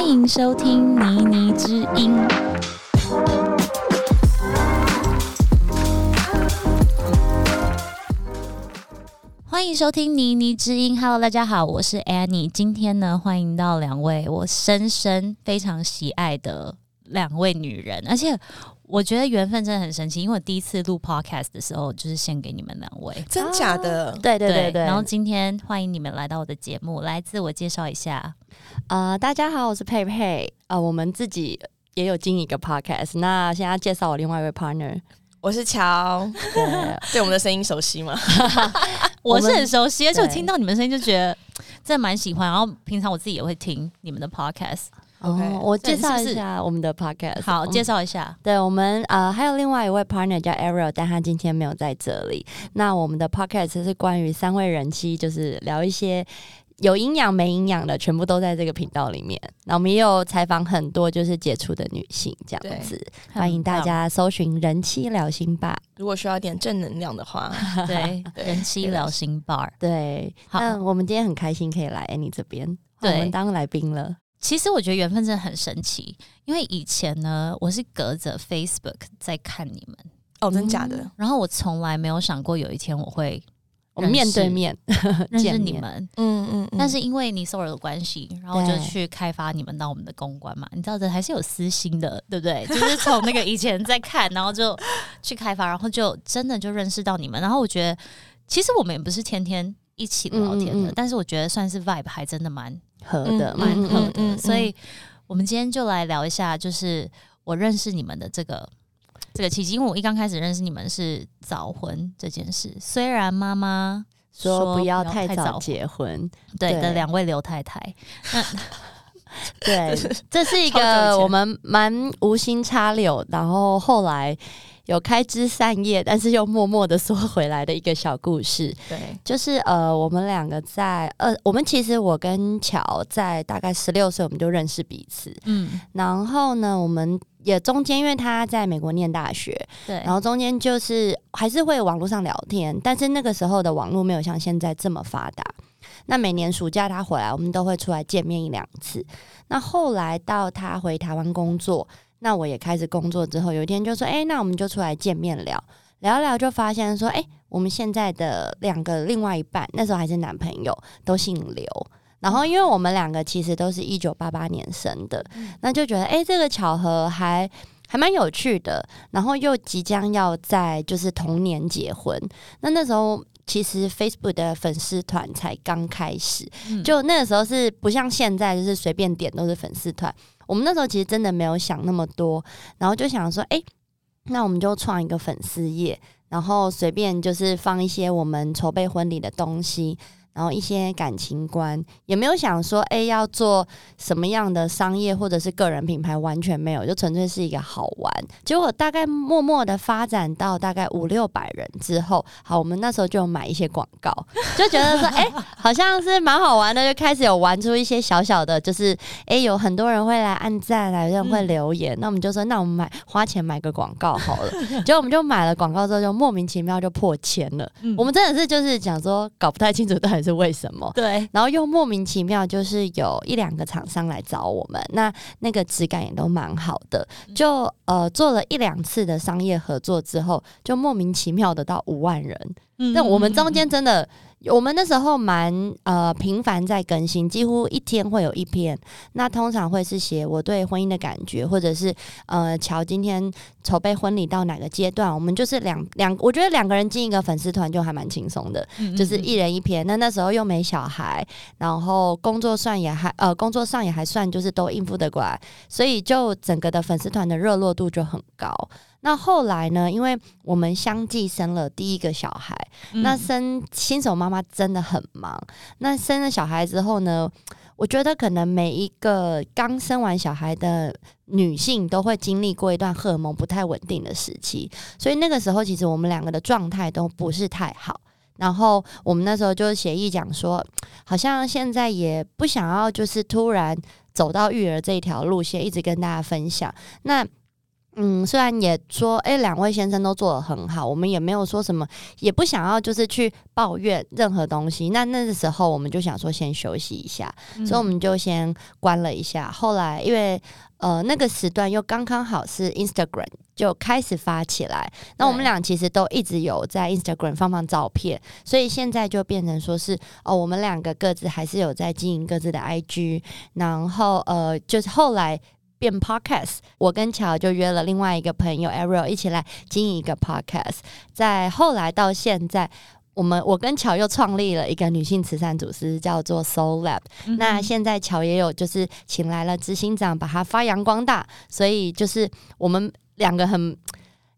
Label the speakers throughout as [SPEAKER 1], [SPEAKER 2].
[SPEAKER 1] 歡迎收聽《妮妮之音》，歡迎收聽《妮妮之音》。Hello，大家好，我是 Annie。今天呢，歡迎到兩位我深深非常喜愛的兩位女人，而且。我覺得緣分真的很神奇，因為我第一次錄 podcast 的時候就是獻給你們兩位。啊，真假的？
[SPEAKER 2] 對對對，對，對，然後
[SPEAKER 1] 今天歡迎你們來到我的節目，來自我介紹一下。
[SPEAKER 2] 啊、呃，大家好，我是佩佩。啊、呃，我們自己也有經營一個 podcast。那現在介紹我另外一位 partner，
[SPEAKER 1] 我是喬。對，對，我們的聲音熟悉嗎？
[SPEAKER 2] 我是很熟悉，而且我聽
[SPEAKER 1] 到你們聲音就覺得真的蠻喜歡。然後平常我自己也會聽你們的 podcast。哦、okay, oh, so，我介紹一下是是我
[SPEAKER 2] 們的 podcast。好，介紹一下，嗯、對我們呃還有另外一位 partner 叫 Ariel，但他今天沒有在這裡。那我們的 podcast 是關於三位人妻，就是聊一些有營養沒營養的，全部都在這個頻道裡面。那我們也有採訪很多就是傑出的女性這樣子，歡迎大家搜尋人妻療心吧。如果需要一點正能量的話， 對，對人妻療心吧。 對好，那我們今天很開心可以來 Annie 這邊，對，我們當來賓
[SPEAKER 1] 了。其實我覺得緣分真的很神奇，因為以前呢，我是隔着 Facebook 在看你們哦，真的假的、嗯？然後我從來沒有想過有一天我會面對面認識你們，嗯嗯，嗯。但是因為你所有的關係，然後我就去開發你們到我們的公關嘛，你知道的，還是有私心的，對不對？就是從那個以前在看， 然後就去開發，然後就真的就認識到你們。然後我覺得，其實我們也不是天天一起聊天的、嗯嗯，但是我覺得算是 Vibe，還真的蠻。合的蠻合的，合的嗯嗯嗯嗯、所以、嗯、我們今天就來聊一下，就是我認識你們的這個這個契機。因為我一剛開始認識你們是早婚這件事，雖然媽媽
[SPEAKER 2] 說，說不要太早結婚，婚對，對的兩位劉太太，
[SPEAKER 1] 對，這是一個我
[SPEAKER 2] 們蠻無心插柳，然後後來，有開枝散葉，但是又默默的說回來的一個小故事。對，就是呃，我們兩個在二、呃，我們其實我跟喬在大概十六歲，我們就認識彼此。嗯，然後呢，我們也中間因為他在美國念大學，對，然後中間就是還是會有網絡上聊天，但是那個時候的網絡沒有像現在這麼發達。那每年暑假他回來，我們都會出來見面一兩次。那後來到他回台灣工作。那我也開始工作之後，有一天就說：“欸，那我們就出來見面聊，聊聊就發現說，欸，我們現在的兩個另外一半，那時候還是男朋友，都姓劉。然後，因為我們兩個其實都是一九八八年生的，嗯，那就覺得欸，這個巧合還還蠻有趣的。然後又即將要在就是同年結婚，那那時候其實 Facebook 的粉絲團才剛開始，就那個時候是不像現在，就是隨便點都是粉絲團。”我們那時候其實真的沒有想那麼多，然後就想說，哎、欸，那我們就創一個粉絲頁，然後隨便就是放一些我們籌備婚禮的東西。然後一些感情觀也沒有想說，哎，要做什麼樣的商業或者是個人品牌，完全沒有，就純粹是一個好玩。結果大概默默的發展到大概五六百人之後，好，我們那時候就買一些廣告，就覺得說，哎，好像是蠻好玩的，就開始有玩出一些小小的，就是，哎，有很多人會來按讚，來人會留言、嗯，那我們就說，那我們買花錢買個廣告好了。 結果我們就買了廣告之後，就莫名其妙就破千了、嗯。我們真的是就是講說搞不太清楚到底是為什麼？對，然後又莫名其妙，就是有一兩個廠商來找我們，那那個質感也都蠻好的。就呃，做了一兩次的商業合作之後，就莫名其妙的到五萬人。那、嗯、我們中間真的，我們那時候蠻呃頻繁在更新，幾乎一天會有一篇。那通常會是寫我對婚姻的感覺，或者是呃，喬今天。籌備婚禮到哪個階段，我們就是兩兩，我覺得兩個人進一個粉絲團就還蠻輕鬆的、嗯，就是一人一篇。那那時候又沒小孩，然後工作上也還呃，工作上也還算就是都應付得過來，所以就整個的粉絲團的熱絡度就很高。那後來呢，因為我們相繼生了第一個小孩，嗯、那生新手媽媽真的很忙。那生了小孩之後呢？我覺得可能每一個剛生完小孩的女性都會經歷過一段荷爾蒙不太穩定的時期，所以那個時候其實我們兩個的狀態都不是太好。然後我們那時候就協議講說，好像現在也不想要，就是突然走到育兒這一條路線，一直跟大家分享。那嗯，雖然也說，哎、欸，兩位先生都做得很好，我們也沒有說什麼，也不想要就是去抱怨任何東西。那那個時候我們就想說先休息一下，嗯、所以我們就先關了一下。後來因為呃那個時段又剛剛好是 Instagram 就開始發起來，那我們倆其實都一直有在 Instagram 放放照片，所以現在就變成說是哦、呃，我們兩個各自還是有在經營各自的 IG，然後呃就是後來。變 podcast，我跟喬就約了另外一個朋友 Ariel 一起來經營一個 podcast。在後來到現在，我們我跟喬又創立了一個女性慈善組織，叫做 Soul Lab。Mm -hmm. 那現在喬也有就是請來了執行長，把它發揚光大。所以就是我們兩個很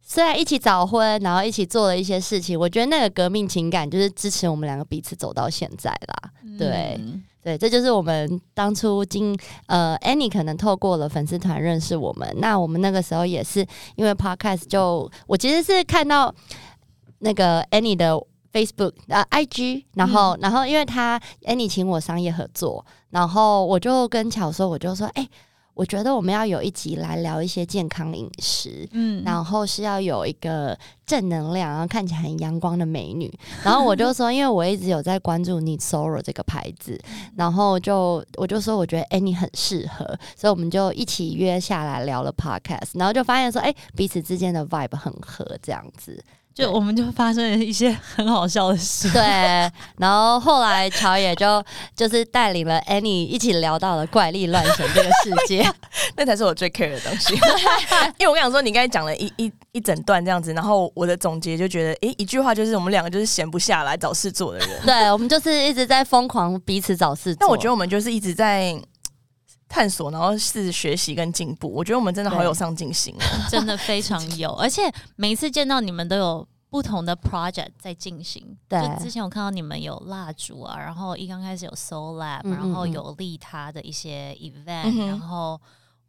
[SPEAKER 2] 雖然一起早婚，然後一起做了一些事情，我覺得那個革命情感就是支持我們兩個彼此走到現在啦。Mm -hmm. 對。對，這就是我們當初經呃 Annie 可能透過了粉絲團認識我們。那我們那個時候也是因為 Podcast，就我其實是看到那個 Annie 的 Facebook 啊、呃、IG，然後、嗯、然後因為她 Annie 請我商業合作，然後我就跟喬說，我就說哎。欸我覺得我們要有一集來聊一些健康飲食，嗯，然後是要有一個正能量，然後看起來很陽光的美女。然後我就說， 因為我一直有在關注 Nisoro 這個牌子，然後就我就說，我覺得哎、欸，你很適合，所以我們就一起約下來聊了 Podcast，然後就發現說，哎、欸，彼此之間的 Vibe 很合，這樣子。就我們就發生了一些很好笑的事，對。 然後後來喬也就就是帶領了 Annie 一起聊到了怪力亂神這個世界， 那才是我最 care 的東西。 因為我跟你講說，你剛才講了一
[SPEAKER 3] 一一整段這樣子，然後我的總結就覺得，誒、欸，一句話就是，我們兩個就是閒不下來找事做的人。對，
[SPEAKER 2] 我們就是一直在瘋狂彼此找事做。 但我覺得我們就是一直在。
[SPEAKER 3] 探索，然後是學習跟進步。我覺得我們真的好有上進心、啊，
[SPEAKER 1] 真的非常有。 而且每一次見到你們都有不同的 project 在進行。對，就之前我看到你們有蠟燭啊，然後一剛開始有 Soul Lab，、嗯、然後有利他的一些 event，、嗯、然後。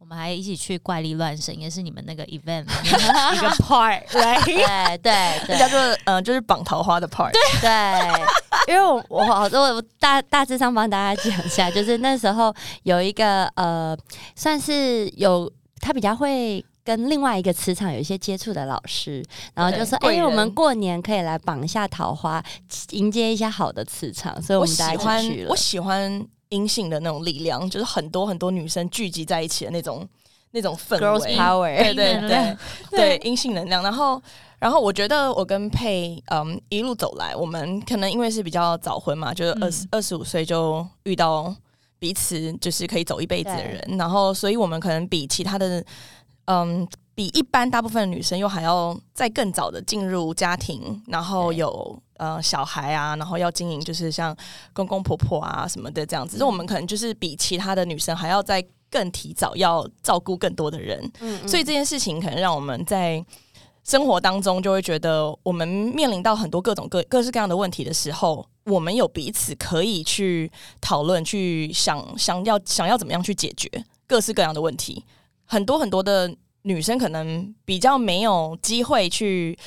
[SPEAKER 1] 我們還一起去怪力亂神，也是你們那個 event 一個 part，對 對、right? 對，對對叫做嗯、呃，就是綁桃花的 part，對
[SPEAKER 2] 對， 因為我我我大大致上幫大家講一下，就是那時候有一個呃，算是有他比較會跟另外一個磁場有一些接觸的老師，然後就說，哎、欸，我們過年可以來綁一下桃花，迎接一些好的磁場，所以我們大家一起去了。我喜歡，我喜
[SPEAKER 3] 歡。陰性的那種力量，就是很多很多女生聚集在一起的那種那種氛圍，對對對對，陰性能量。然後，然後我覺得我跟佩，嗯，一路走來，我們可能因為是比較早婚嘛，就是二十二十五歲就遇到彼此，就是可以走一輩子的人。然後，所以我們可能比其他的，嗯。比一般大部分的女生又還要再更早的進入家庭，然後有呃小孩啊，然後要經營，就是像公公婆婆啊什麼的這樣子。嗯、所以我們可能就是比其他的女生還要再更提早要照顧更多的人，嗯嗯。所以這件事情可能讓我們在生活當中就會覺得，我們面臨到很多各種各各式各樣的問題的時候，我們有彼此可以去討論，去想想要想要怎麼樣去解決各式各樣的問題，很多很多的。女生可能比較沒有機會去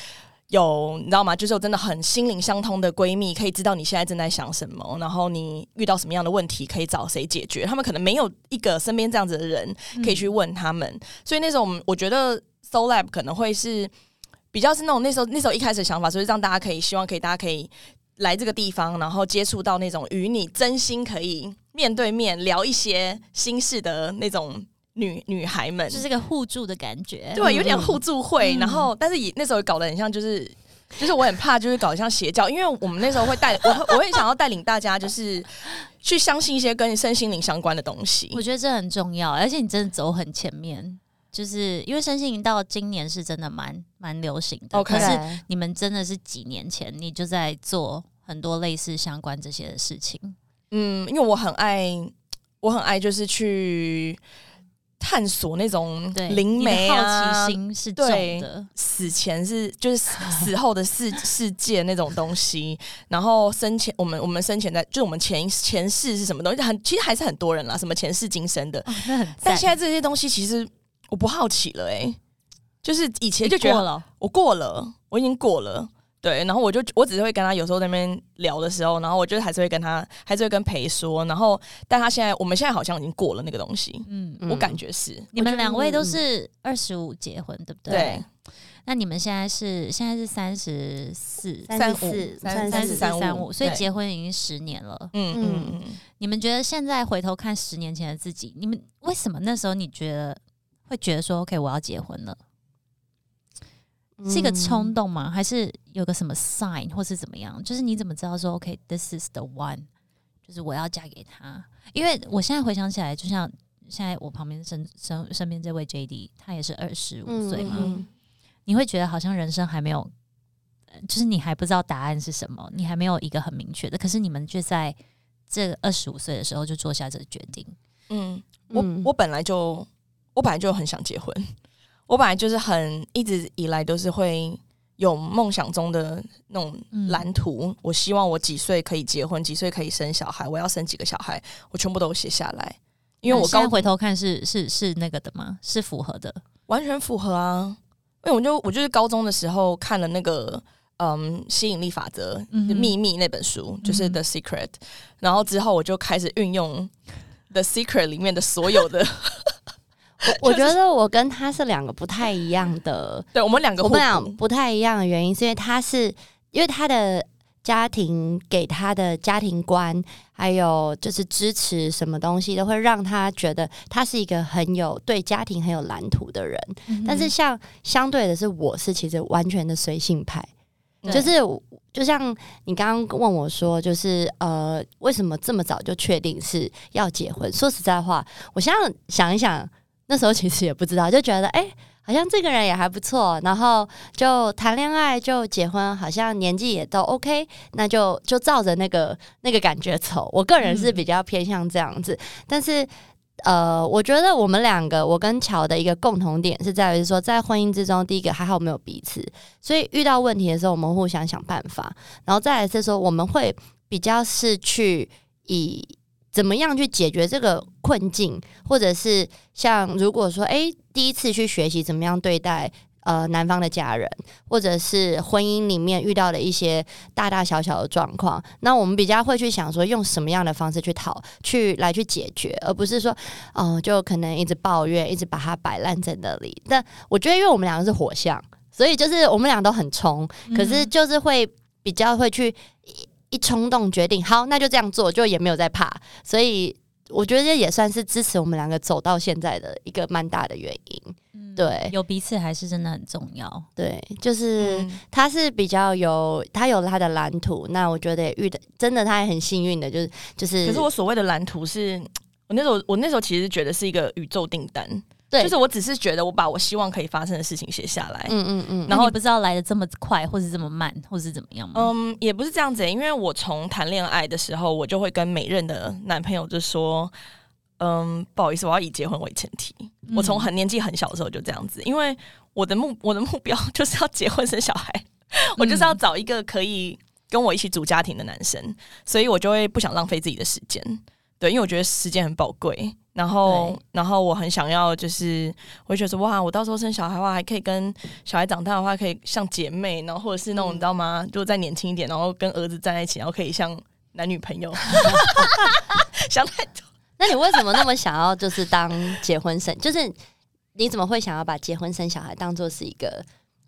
[SPEAKER 3] 有，你知道嗎？就是有真的很心靈相通的閨蜜，可以知道你現在正在想什麼，然後你遇到什麼樣的問題，可以找誰解決。她們可能沒有一個身邊這樣子的人可以去問他們，嗯、所以那種我覺得 Soul Lab 可能會是比較是那種那時候那時候一開始想法，就是讓大家可以希望可以大家可以來這個地方，然後接觸到那種與你真心可以面對面聊一些心事的那種。女女孩們就是這個互助的感覺，對，有點互助會。嗯、然後，但是也那時候搞得很像，就是、嗯、就是我很怕，就是搞得像邪教，因為我們那時候會帶 我，我會想要
[SPEAKER 1] 帶領大家，就是去相信一些跟身心靈相關的東西。我覺得這很重要，而且你真的走很前面，就是因為身心靈到今年是真的蠻蠻流行的。Okay. 可是你們真的是幾年前，你就在做很多類似相關這些的事情。
[SPEAKER 3] 嗯，因為我很愛，我很愛，就是去。探索那種靈媒啊，對，好奇心是有的對。死前是就是死後的世 世界那種東西，然後生前我們我們生前在就是我們前前世是什麼東西？很其實還是很多人啦，什麼前世今生的。
[SPEAKER 1] 哦，但現
[SPEAKER 3] 在這些東西其實我不好奇了，欸，哎，就是以前就覺得，過了，我過了，我已經過了。對，然後我就我只是會跟他有時候在那邊聊的時候，然後我就還是會跟他，還是會跟裴說。然後，但他現在，我們現在好像已經過了那個東西，
[SPEAKER 1] 嗯，我感覺是。你們兩位都是二十五結婚，對不對？對。那你們現在是現在是三十四、三五、三三十三五，所以結婚已經十年了。嗯嗯嗯。你們覺得現在回頭看十年前的自己，你們為什麼那時候你覺得會覺得說 OK，我要結婚了？是一個衝動嗎？還是有個什麼 sign 或是怎麼樣？就是你怎麼知道說 OK，this is the one，就是我要嫁給他？因為我現在回想起來，就像現在我旁邊身身身邊這位 JD，他也是二十五歲嘛、嗯嗯，你會覺得好像人生還沒有，就是你還不知道答案是什麼，你還沒有一個很明確的。可是你們就在這二十五歲的時候就做下這個決定。嗯，我嗯我本來就我本來就很想結婚。我本來就是很一直以
[SPEAKER 3] 來都是會有夢想中的那種藍圖。嗯、我希望我幾歲可以結婚，幾歲可以生小孩，我要生幾個小孩，我全部都寫下來。因為我剛回
[SPEAKER 1] 頭看，是是是那個的嗎？是符合的，
[SPEAKER 3] 完全符合啊！因為我就我就是高中的時候看了那個嗯吸引力法則秘密那本書，嗯、就是 The Secret、嗯、然後之後我就開始運用 The Secret 裡面的所有的。
[SPEAKER 2] 我,就是、我覺得我跟他是兩個不太一樣的。對我們兩個，兩個不太一樣的原因，是因為他是因為他的家庭給他的家庭觀，還有就是支持什麼東西，都會讓他覺得他是一個很有對家庭很有藍圖的人。嗯、但是像相對的是，我是其實完全的隨性派，就是就像你剛剛問我說，就是呃，為什麼這麼早就確定是要結婚？說實在話，我現在想一想。那時候其實也不知道，就覺得哎、欸，好像這個人也還不錯，然後就談戀愛，就結婚，好像年紀也都 OK，那就就照着那個那個感覺走。我個人是比較偏向這樣子，嗯、但是呃，我覺得我們兩個，我跟喬的一個共同點是在於說，在婚姻之中，第一個還好沒有彼此，所以遇到問題的時候，我們互相想辦法，然後再來是說，我們會比較是去以怎麼樣去解決這個困境，或者是像如果說哎、欸，第一次去學習怎麼樣對待呃男方的家人，或者是婚姻裡面遇到的一些大大小小的狀況，那我們比較會去想說用什麼樣的方式去討去來去解決，而不是說哦、呃、就可能一直抱怨，一直把它擺爛在那裡。但我覺得，因為我們兩個是火象，所以就是我們倆都很衝，可是就是會比較會去一一衝動決定，好那就這樣做，就也沒有在怕，所以。我覺得這也算是支持我們兩個走到現在的一個蠻大的原因、嗯，對，有彼此還是真的
[SPEAKER 1] 很重要。
[SPEAKER 2] 對，就是、嗯、他是比較有，他有他的藍圖，那我覺得遇的真的他也很幸運的，就是就是。可是我
[SPEAKER 3] 所謂的藍圖是我那時候我那時候其實覺得是一個宇宙訂單。就是我只是覺得，我把我希望可以發生的事情寫下來，嗯嗯嗯，然後不
[SPEAKER 1] 知道來得這麼快，或是這麼慢，或是怎麼樣。嗯，
[SPEAKER 3] 也不是這樣子，欸，因為我從談戀愛的時候，我就會跟每任的男朋友就說，嗯，不好意思，我要以結婚為前提。嗯，我從很年紀很小的時候就這樣子，因為我的目我的目標就是要結婚生小孩， 我就是要找一個可以跟我一起組家庭的男生，所以我就會不想浪費自己的時間。對，因為我覺得時間很寶貴，然後，然後我很想要，就是我覺得說，哇，我到時候生小孩的話，還可以跟小孩長大的話，可以像姐妹，然後或者是那種，嗯、你知道嗎？就再年輕一點，然後跟兒子站在一起，然後可以像男女朋友。想太多。
[SPEAKER 2] 那你為什麼那麼想要？就是當結婚生， 就是你怎麼會想要把結婚生小孩當做是一個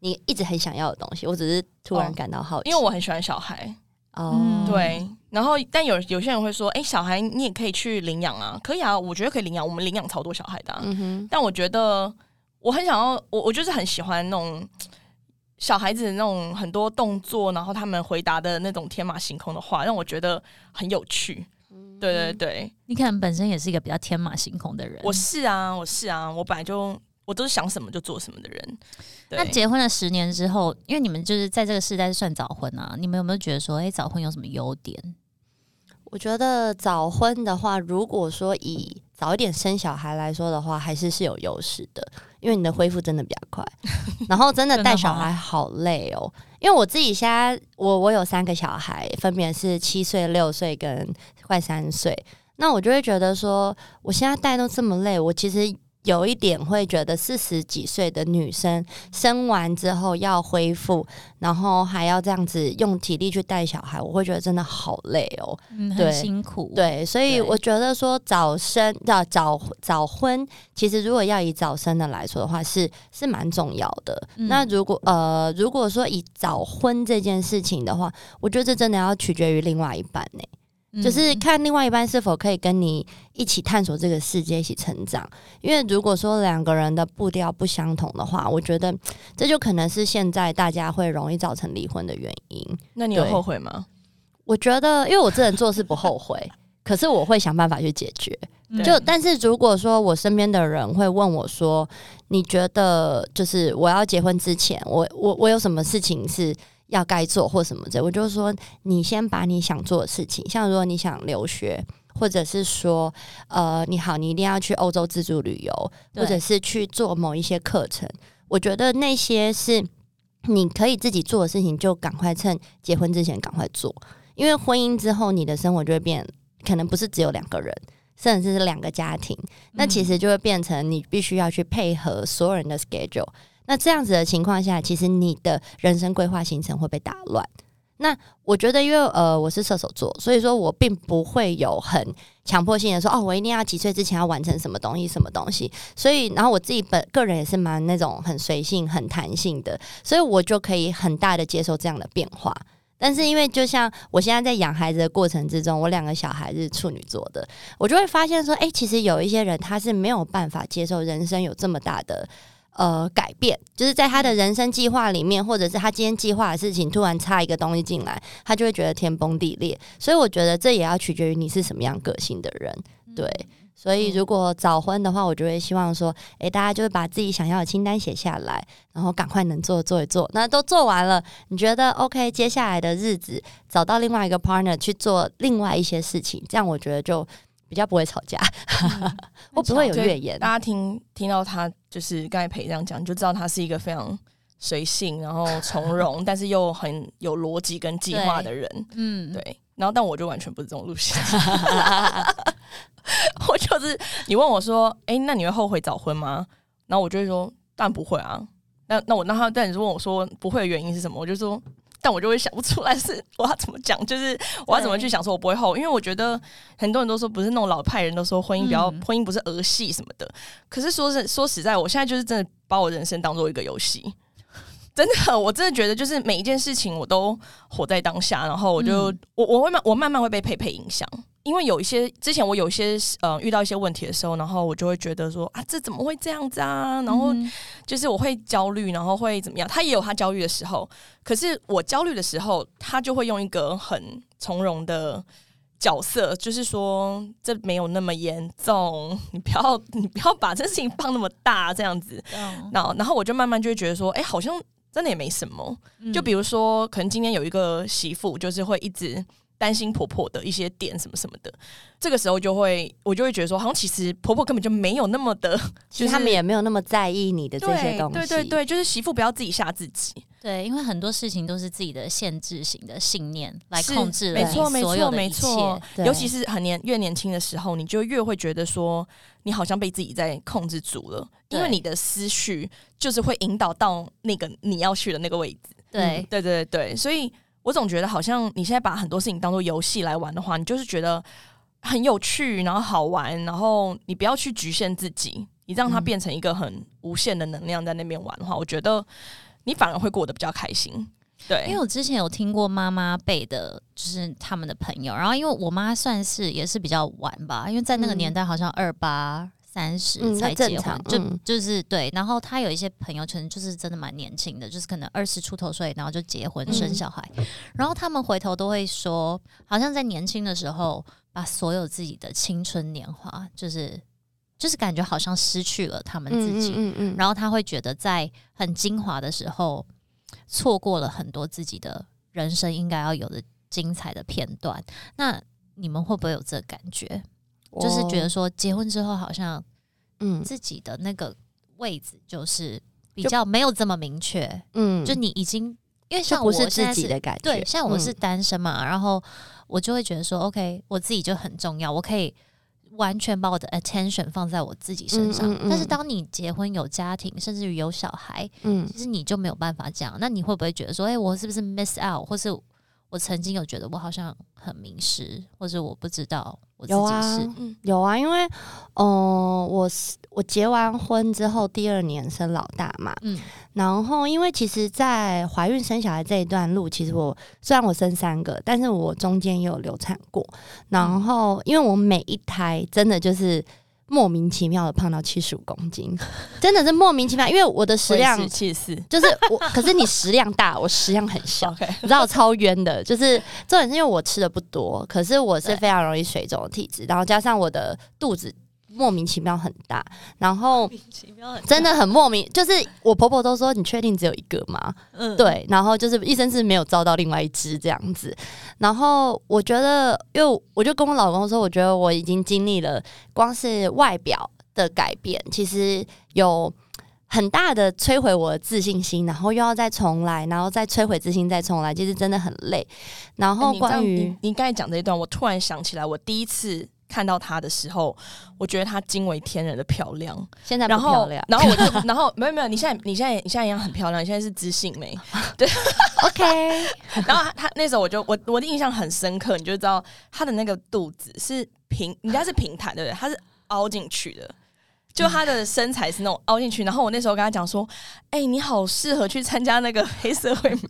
[SPEAKER 2] 你一直很想要的東西？我只是突然感到好奇，哦、因為我很喜歡小孩。哦、oh.，對，
[SPEAKER 3] 然後但有有些人會說，哎、欸，小孩你也可以去領養啊，可以啊，我覺得可以領養，我們領養超多小孩的。啊。嗯哼，但我覺得我很想要，我我就是很喜歡那種小孩子的那種很多動作，然後他們回答的那種天馬行空的話，讓我覺得很有趣。Mm-hmm. 對對對，
[SPEAKER 1] 你看你本身也是一個比較天馬行空的人，我
[SPEAKER 3] 是啊，我是啊，我本來就。我都是想什麼就做什麼的人。那結婚
[SPEAKER 1] 了十年之後，因為你們就是在這個時代算早婚啊，你們有沒有覺得說，哎、欸，早婚有什麼優點？
[SPEAKER 2] 我覺得早婚的話，如果說以早一點生小孩來說的話，還是是有優勢的，因為你的恢復真的比較快。 然後真的帶小孩好累哦 好，因為我自己現在，我我有三個小孩，分別是七歲、六歲跟快三歲。那我就會覺得說，我現在帶都這麼累，我其實。有一點會覺得四十幾歲的女生生完之後要恢復，然後還要這樣子用體力去帶小孩，我會覺得真的好累哦，嗯、很辛苦。對，對，所以我覺得說早生的，啊、早早婚，其實如果要以早生的來說的話，是是蠻重要的。嗯、那如果呃，如果說以早婚這件事情的話，我覺得這真的要取決於另外一半呢，欸。就是看另外一半是否可以跟你一起探索這個世界，一起成長。因為如果說兩個人的步調不相同的話，我覺得這就可能是現在大家會容易造成離婚的原因。那你有後悔嗎？我覺得，因為我這人做事不後悔， 可是我會想辦法去解決。就但是如果說我身邊的人會問我說：“你覺得就是我要結婚之前，我我我有什麼事情是？”要該做或什麼的，我就是說你先把你想做的事情，像如果你想留學，或者是說，呃，你好，你一定要去歐洲自助旅遊，或者是去做某一些課程。我覺得那些是你可以自己做的事情，就趕快趁結婚之前趕快做，因為婚姻之後，你的生活就會變，可能不是只有兩個人，甚至是兩個家庭，那其實就會變成你必須要去配合所有人的 schedule。那這樣子的情況下，其實你的人生規劃行程會被打亂。那我覺得，因為呃，我是射手座，所以說我並不會有很強迫性的說，哦，我一定要幾歲之前要完成什麼東西、什麼東西。所以，然後我自己本個人也是蠻那種很隨性、很彈性的，所以我就可以很大的接受這樣的變化。但是，因為就像我現在在養孩子的過程之中，我兩個小孩是處女座的，我就會發現說，哎、欸，其實有一些人他是沒有辦法接受人生有這麼大的。呃，改變就是在他的人生計劃裡面，或者是他今天計劃的事情，突然插一個東西進來，他就會覺得天崩地裂。所以我覺得這也要取決於你是什麼樣個性的人，對。嗯、所以如果早婚的話，我就會希望說，誒、欸，大家就是把自己想要的清單寫下來，然後趕快能做做一做。那都做完了，你覺得 OK？接下來的日子找到另外一個 partner 去做另外一些事情，這樣我覺得就。比較不會吵架，嗯、 我不會有怨言。大
[SPEAKER 3] 家聽聽到他就是剛才裴這樣講，就知道他是一個非常隨性，然後從容， 但是又很有邏輯跟計劃的人。嗯，對。然後，但我就完全不是這種路線。 我就是，你問我說，哎、欸，那你會後悔早婚嗎？然後我就會說，當然不會啊。那那我那他，但你問我說，不會的原因是什麼？我就說。但我就會想不出來，是我要怎麼講，就是我要怎麼去想，說我不會後悔，因為我覺得很多人都說，不是那種老派人都說婚姻比較、嗯、婚姻不是兒戲什麼的。可是說是說實在，我現在就是真的把我人生當做一個遊戲，真的，我真的覺得就是每一件事情我都活在當下，然後我就、嗯、我我會慢，我慢慢會被佩佩影響。因為有一些之前我有一些呃遇到一些問題的時候，然後我就會覺得說啊，這怎麼會這樣子啊？然後就是我會焦慮，然後會怎麼樣？他也有他焦慮的時候，可是我焦慮的時候，他就會用一個很從容的角色，就是說這沒有那麼嚴重，你不要你不要把這事情放那麼大這樣子。然後然後我就慢慢就會覺得說，哎、欸，好像真的也沒什麼。就比如說，可能今天有一個媳婦，就是會一直。擔心婆婆的一些點什麼什麼的，這個時候就會我就會覺得說，好像其實婆婆根本就沒有
[SPEAKER 2] 那麼的，就是、其實他們也沒有那麼在意你的這些東西。對對對，對，就是媳婦不要自己嚇自己。
[SPEAKER 1] 對，因為很多事情都是自己的限制性的信念來控制了的，沒錯沒錯沒錯。尤其是
[SPEAKER 3] 很年越年輕的時候，你就越會覺得說，你好像被自己在控制住了，因為你的思緒就是會引導到那個你要去的那個位置。對、嗯、對、對對對，所以。我總覺得好像你現在把很多事情當做遊戲來玩的話，你就是覺得很有趣，然後好玩，然後你不要去局限自己，你讓它變成一個很無限的能量在那邊玩的話、嗯，我覺得你反而會過得比較開心。
[SPEAKER 1] 對，因、欸、為我之前有聽過媽媽輩的，就是他們的朋友，然後因為我媽算是也是比較晚吧，因為在那個年代好像二八。嗯三十才結婚，嗯正常，嗯、就就是對。然後他有一些朋友圈，就是真的蠻年輕的，就是可能二十出頭歲，然後就結婚、嗯、生小孩。然後他們回頭都會說，好像在年輕的時候，把所有自己的青春年華，就是就是感覺好像失去了他們自己。嗯嗯嗯嗯，然後他會覺得，在很精華的時候，錯過了很多自己的人生應該要有的精彩的片段。那你們會不會有這感覺？Oh, 就是覺得說結婚之後好像，嗯，自己的那個位置就是比較沒有這麼明確，嗯，就你已經因為像我是是自己的感覺，對，像我是單身嘛，嗯、然後我就會覺得說，OK，我自己就很重要，我可以完全把我的 attention 放在我自己身上。嗯嗯、但是當你結婚有家庭，甚至於有小孩，嗯，其實你就沒有辦法這樣。那你會不會覺得說，哎、欸，我是不是 miss out，或是？我曾經有覺得我好像很迷失，或者我不知道我自己是。
[SPEAKER 2] 有啊，有啊，因為，呃，我我結完婚之後第二年生老大嘛，嗯，然後因為其實，在懷孕生小孩這一段路，其實我雖然我生三個，但是我中間也有流產過，然後因為我每一胎真的就是。莫名其妙的胖到七十五公斤，真的是莫名其妙。因為我的食量就是我，可是你食量大， 我食量很小，你、okay、知道超冤的。就是重點是因為我吃的不多，可是我是非常容易水腫的體質，然後加上我的肚子。莫名其妙很大，然後真的很莫名。就是我婆婆都說：“你確定只有一個嗎？”嗯，對。然後就是醫生是沒有找到另外一隻這樣子。然後我覺得，因為我就跟我老公說，我覺得我已經經歷了光是外表的改變，其實有很大的摧毀我的自信心，然後又要再重來，然後再摧毀自信再重來，其實真的很累。然後關於、欸、你剛才講這一
[SPEAKER 3] 段，我突然想起來，我第一次。看到她的時候，我覺得她驚為天人的漂亮。現在不漂亮然，然後我就，然後， 然後沒有沒有，你現在你現在你現在一樣很漂亮，你現在是知性美，對 ，OK。然後他，他那時候我就我我的印象很深刻，你就知道他的那個肚子是平，人家是平坦對不對？他是凹進去的。就她的身材是那種凹進去，然後我那時候跟她講說：“哎、欸，你好適合去參加那個黑澀會美。”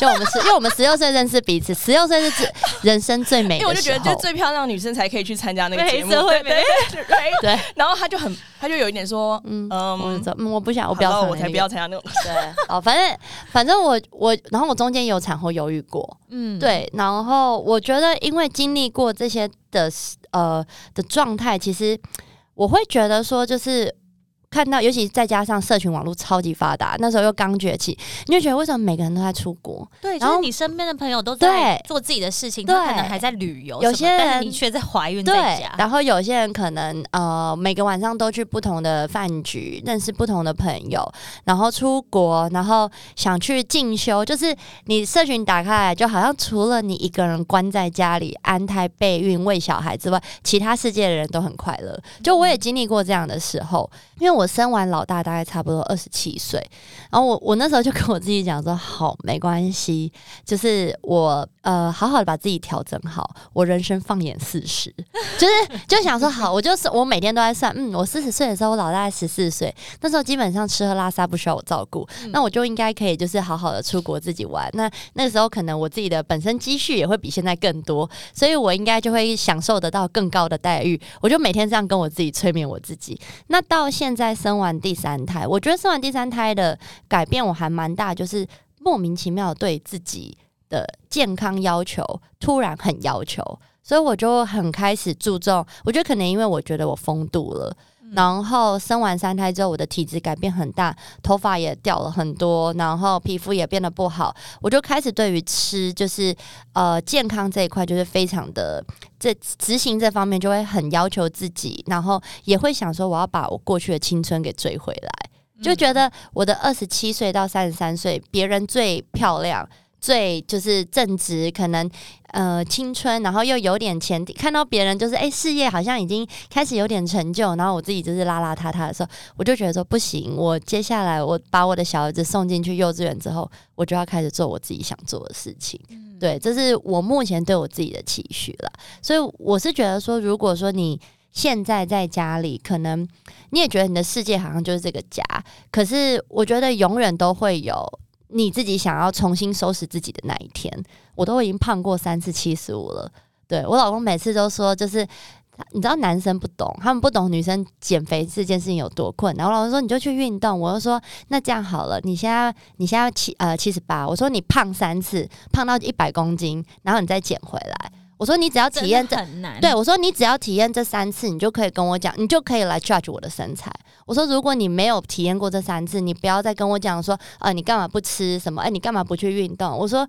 [SPEAKER 2] 就我們是，因為我們十六歲認識彼此，十六歲是人生最美的時候，因為、欸、我就覺得，就
[SPEAKER 3] 是最漂亮女生才可以去參加那個節目黑澀會美，對對對對。對，對。然後她就很，她就有一點說：“嗯，嗯
[SPEAKER 2] 我，嗯我不想我不要、那個，我才不要參加那種。對”哦，反正，反正我我，然後我中間有產後猶豫過，嗯，對。然後我覺得，因為經歷過這些的，呃，的狀態，其實。我會覺得說，就是。看到，尤其再加上社群網絡超級發達，那時候又剛崛起，你就覺得為什麼每個人都在出國？
[SPEAKER 1] 對，然後、就是、你身邊的朋友都在做自己的事情，對，可能還在旅遊，有些人你
[SPEAKER 2] 卻在懷孕在家，對，然後有些人可能呃每個晚上都去不同的飯局，認識不同的朋友，然後出國，然後想去進修。就是你社群打開來，就好像除了你一個人關在家裡安胎備孕餵小孩之外，其他世界的人都很快樂。就我也經歷過這樣的時候，因為我。我生完老大大概差不多二十七歲，然後我我那時候就跟我自己講說，好，沒關係，就是我。呃，好好的把自己調整好。我人生放眼四十， 就是就想說，好，我就是我每天都在算，嗯，我四十歲的時候，我老大十四歲，那時候基本上吃喝拉撒不需要我照顧，嗯，那我就應該可以就是好好的出國自己玩。那那時候可能我自己的本身積蓄也會比現在更多，所以我應該就會享受得到更高的待遇。我就每天這樣跟我自己催眠我自己。那到現在生完第三胎，我覺得生完第三胎的改變我還蠻大，就是莫名其妙對自己的健康要求突然很要求，所以我就很開始注重。我覺得可能因為我覺得我風度了、嗯，然後生完三胎之後，我的體質改變很大，頭髮也掉了很多，然後皮膚也變得不好。我就開始對於吃，就是呃健康這一塊，就是非常的在執行這方面就會很要求自己，然後也會想說我要把我過去的青春給追回來，嗯、就覺得我的二十七歲到三十三歲，別人最漂亮。最就是正直，可能呃青春，然後又有點前提。看到別人就是哎事業好像已經開始有點成就，然後我自己就是邋邋遢遢的時候，我就覺得說不行，我接下來我把我的小兒子送進去幼稚園之後，我就要開始做我自己想做的事情。嗯、對，這是我目前對我自己的期許了。所以我是覺得說，如果說你現在在家裡，可能你也覺得你的世界好像就是這個家，可是我覺得永遠都會有。你自己想要重新收拾自己的那一天，我都已經胖過三次七十五了。對，我老公每次都說，就是你知道男生不懂，他們不懂女生減肥這件事情有多困難。然後我老公說，你就去運動，我就說那這樣好了，你現在你現在七呃七十八，78，我說你胖三次，胖到一百公斤，然後你再減回來。我說你只要體驗這很難。對，我說你只要體驗這三次，你就可以跟我講，你就可以來 judge 我的身材。我說如果你沒有體驗過這三次，你不要再跟我講說，啊、呃，你幹嘛不吃什麼？哎、欸，你幹嘛不去運動？我說，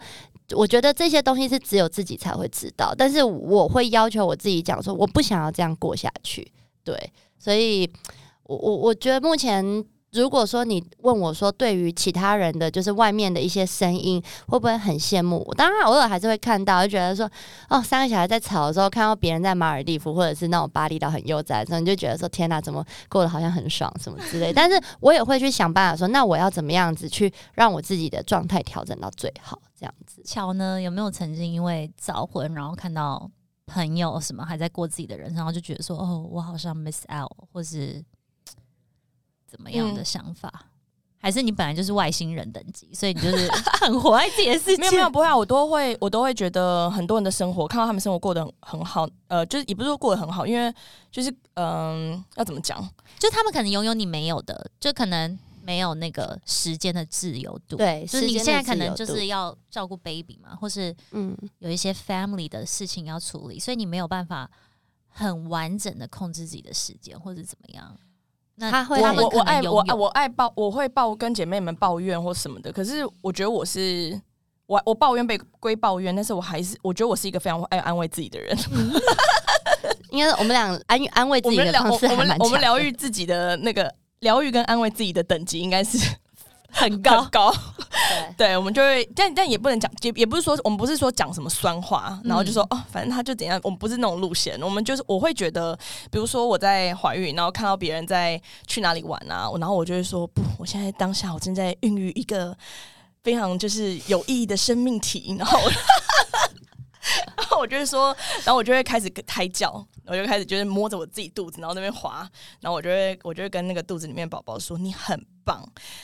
[SPEAKER 2] 我覺得這些東西是只有自己才會知道，但是我會要求我自己講說，我不想要這樣過下去。對，所以，我我我覺得目前。如果說你問我說，對於其他人的就是外面的一些聲音，會不會很羨慕我？我當然偶爾還是會看到，就覺得說，哦，三個小孩在吵的時候，看到別人在馬爾地夫或者是那種巴厘島很悠哉的時候，你就覺得說，天哪，怎麼過得好像很爽什麼之類。 但是我也會去想辦法說，那我要怎麼樣子去讓我自己的狀態調整到最好，這樣子。
[SPEAKER 1] 喬呢，有沒有曾經因為早婚，然後看到朋友什麼還在過自己的人生，然後就覺得說，哦，我好像 miss out，或是？怎麼樣的想法、嗯？還是你本來就是外星人等級，所以你就是 很活在自己的世界？沒有沒有，不會，我都會，我都會覺得很多人的生活，看到他們生活過得很好，呃，就是也不是說過得很好，因為就是嗯、呃，要怎麼講？就是他們可能擁有你沒有的，就可能沒有那個時間的自由度。對，所以你現在可能就是要照顧 baby 嘛，或是嗯，有一些 family 的事情要處理、嗯，所以你沒有辦法很完整的控制自己的時間，或者怎麼樣？
[SPEAKER 2] 會他會，我我,我愛我
[SPEAKER 3] 我愛抱，我會抱跟姐妹們抱怨或什麼的。可是我覺得我是我我抱怨被歸抱怨，但是我還是我覺得我是一個非常愛安慰自己的人。因 為我們倆安安慰自己的方式的 我們我們療癒自己的那個療癒跟安慰自己的等級 應該是。很高很高， 對，我們就會，但但也不能講，也也不是說我們不是說講什麼酸話，然後就說、嗯、哦，反正他就怎樣，我們不是那種路線，我們就是我會覺得，比如說我在懷孕，然後看到別人在去哪裡玩啊，然後我就會說不,我現在當下我正在孕育一個非常就是有意義的生命體，然後， 然後我就會說，然後我就會開始胎教，我就開始就是摸着我自己肚子，然後那邊滑，然後我就會我就會跟那個肚子裡面寶寶說，你很。棒，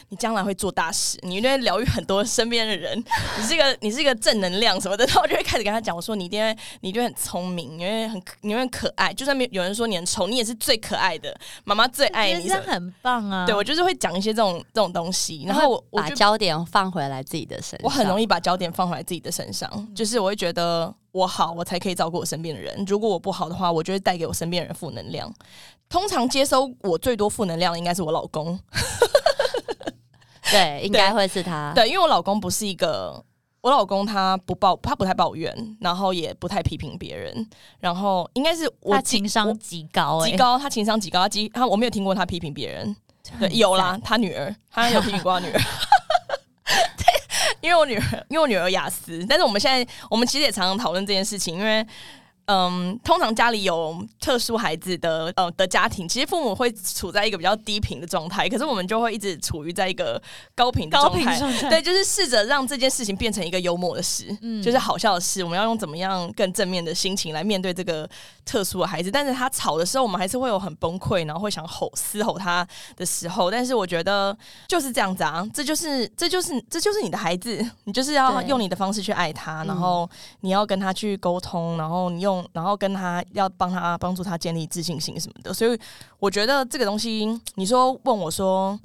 [SPEAKER 3] 你將來會做大事，你一定會療癒很多身邊的人， 你是一個你是一個正能量什麼的，然後我就會開始跟他講，我說你一定會，你就很聰明，因為很因為你很可愛，就算有人說你很醜，你也是最可愛的，媽媽最愛你，真的很棒啊！對，我就是會講一些這種這種東西，然後我把焦點放回來自己的身上，我很容易把焦點放回來自己的身上，嗯、就是我會覺得我好，我才可以照顧我身邊的人，如果我不好的話，我就會帶給我身邊人負能量。通常接收我最多負能量的應該是我老公，
[SPEAKER 2] 對，應該會是他對。對，
[SPEAKER 3] 因為我老公不是一個，我老公他不抱，他不太抱怨，然後也不太批評別人。然後應該是我情商極高、欸，極高。他情商極高，他極，他我沒有聽過他批評別人。對，有啦， 他女兒，他有批評過他女兒。 對，因為我女兒，因為我女兒亞斯，但是我們現在，我們其實也常常討論這件事情，因為。嗯，通常家裡有特殊孩子的呃的家庭，其實父母會處在一個比較低頻的狀態，可是我們就會一直處於在一個高頻的狀態，高頻狀態。對，就是試着讓這件事情變成一個幽默的事。嗯，就是好笑的事。我們要用怎麼樣更正面的心情來面對這個特殊的孩子，但是他吵的時候，我們還是會有很崩潰，然後會想吼嘶吼他的時候。但是我覺得就是這樣子啊，這就是這就是這就是你的孩子，你就是要用你的方式去愛他，然後你要跟他去溝通，然後你用。然後跟他要幫他幫助他建立自信心什麼的，所以我覺得這個東西，你說問我說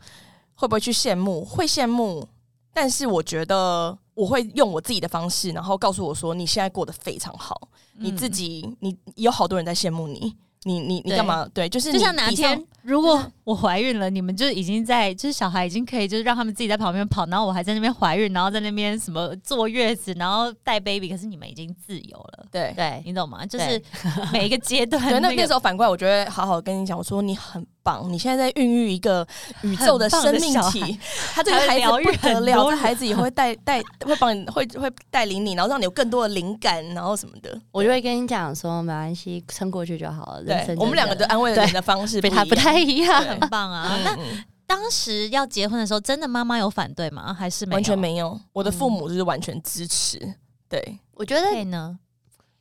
[SPEAKER 3] 會不會去羨慕？會羨慕，但是我覺得我會用我自己的方式，然後告訴我說：你現在過得非常好，
[SPEAKER 1] 嗯、你自己
[SPEAKER 3] 你有好多人在羨慕你，你你你幹嘛對？對，就是你就像拿天。
[SPEAKER 1] 如果我懷孕了，你們就已經在，就是小孩已經可以，就是讓他們自己在旁邊跑，然後我還在那邊懷孕，然後在那邊什麼坐月子，然後帶 baby，可是你們已經自由了。對，對你懂嗎？就是每一個階段、那個。對，那那時候
[SPEAKER 3] 反過來，我就會好好跟你講，我說你很棒，你現在在孕育一個宇宙的生命體，很他這個孩子不得了，然後這孩子也會帶帶 會幫你會會帶領你，然後讓你有更多的靈感，然後什麼的，我就會跟你講
[SPEAKER 2] 說，沒關係，撐過去就好了。人生真的真的，我們兩個都安慰人的方式被他不太。很
[SPEAKER 1] 棒啊！嗯嗯，那當時要結婚的時候，真的媽媽有反對嗎？還是沒有完全沒有？我的父母就
[SPEAKER 2] 是完全支持。嗯，對，我覺得呢，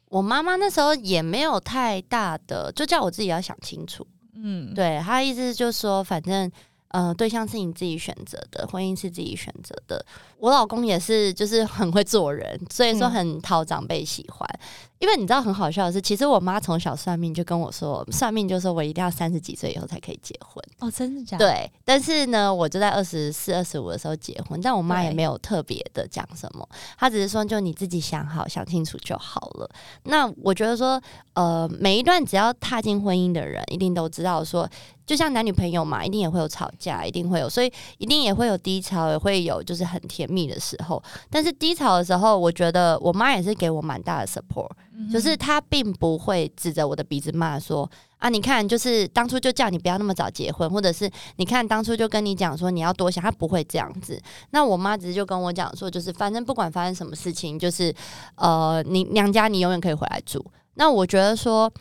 [SPEAKER 2] 我媽媽那時候也沒有太大的，就叫我自己要想清楚。嗯，對，她的意思就是就說，反正呃，對象是你自己選擇的，婚姻是自己選擇的。我老公也是，就是很會做人，所以說很討長輩喜歡。嗯。因為你知道很好笑的是，其實我媽從小算命就跟我說，算命就說我一定要三十幾歲以後才可以結婚。哦，
[SPEAKER 1] 真的假的？對。
[SPEAKER 2] 但是呢，我就在二十四、二十五的時候結婚，但我媽也沒有特別的講什麼，她只是說就你自己想好、想清楚就好了。那我覺得說，呃，每一段只要踏進婚姻的人，一定都知道說，就像男女朋友嘛，一定也會有吵架，一定會有，所以一定也會有低潮，也會有就是很甜密的時候，但是低潮的時候，我覺得我媽也是給我蠻大的 support，嗯、就是她並不會指着我的鼻子罵說啊，你看，就是當初就叫你不要那麼早結婚，或者是你看當初就跟你講說你要多想，她不會這樣子。那我媽只是就跟我講說，就是反正不管發生什麼事情，就是呃，你娘家你永遠可以回來住。那我覺得說，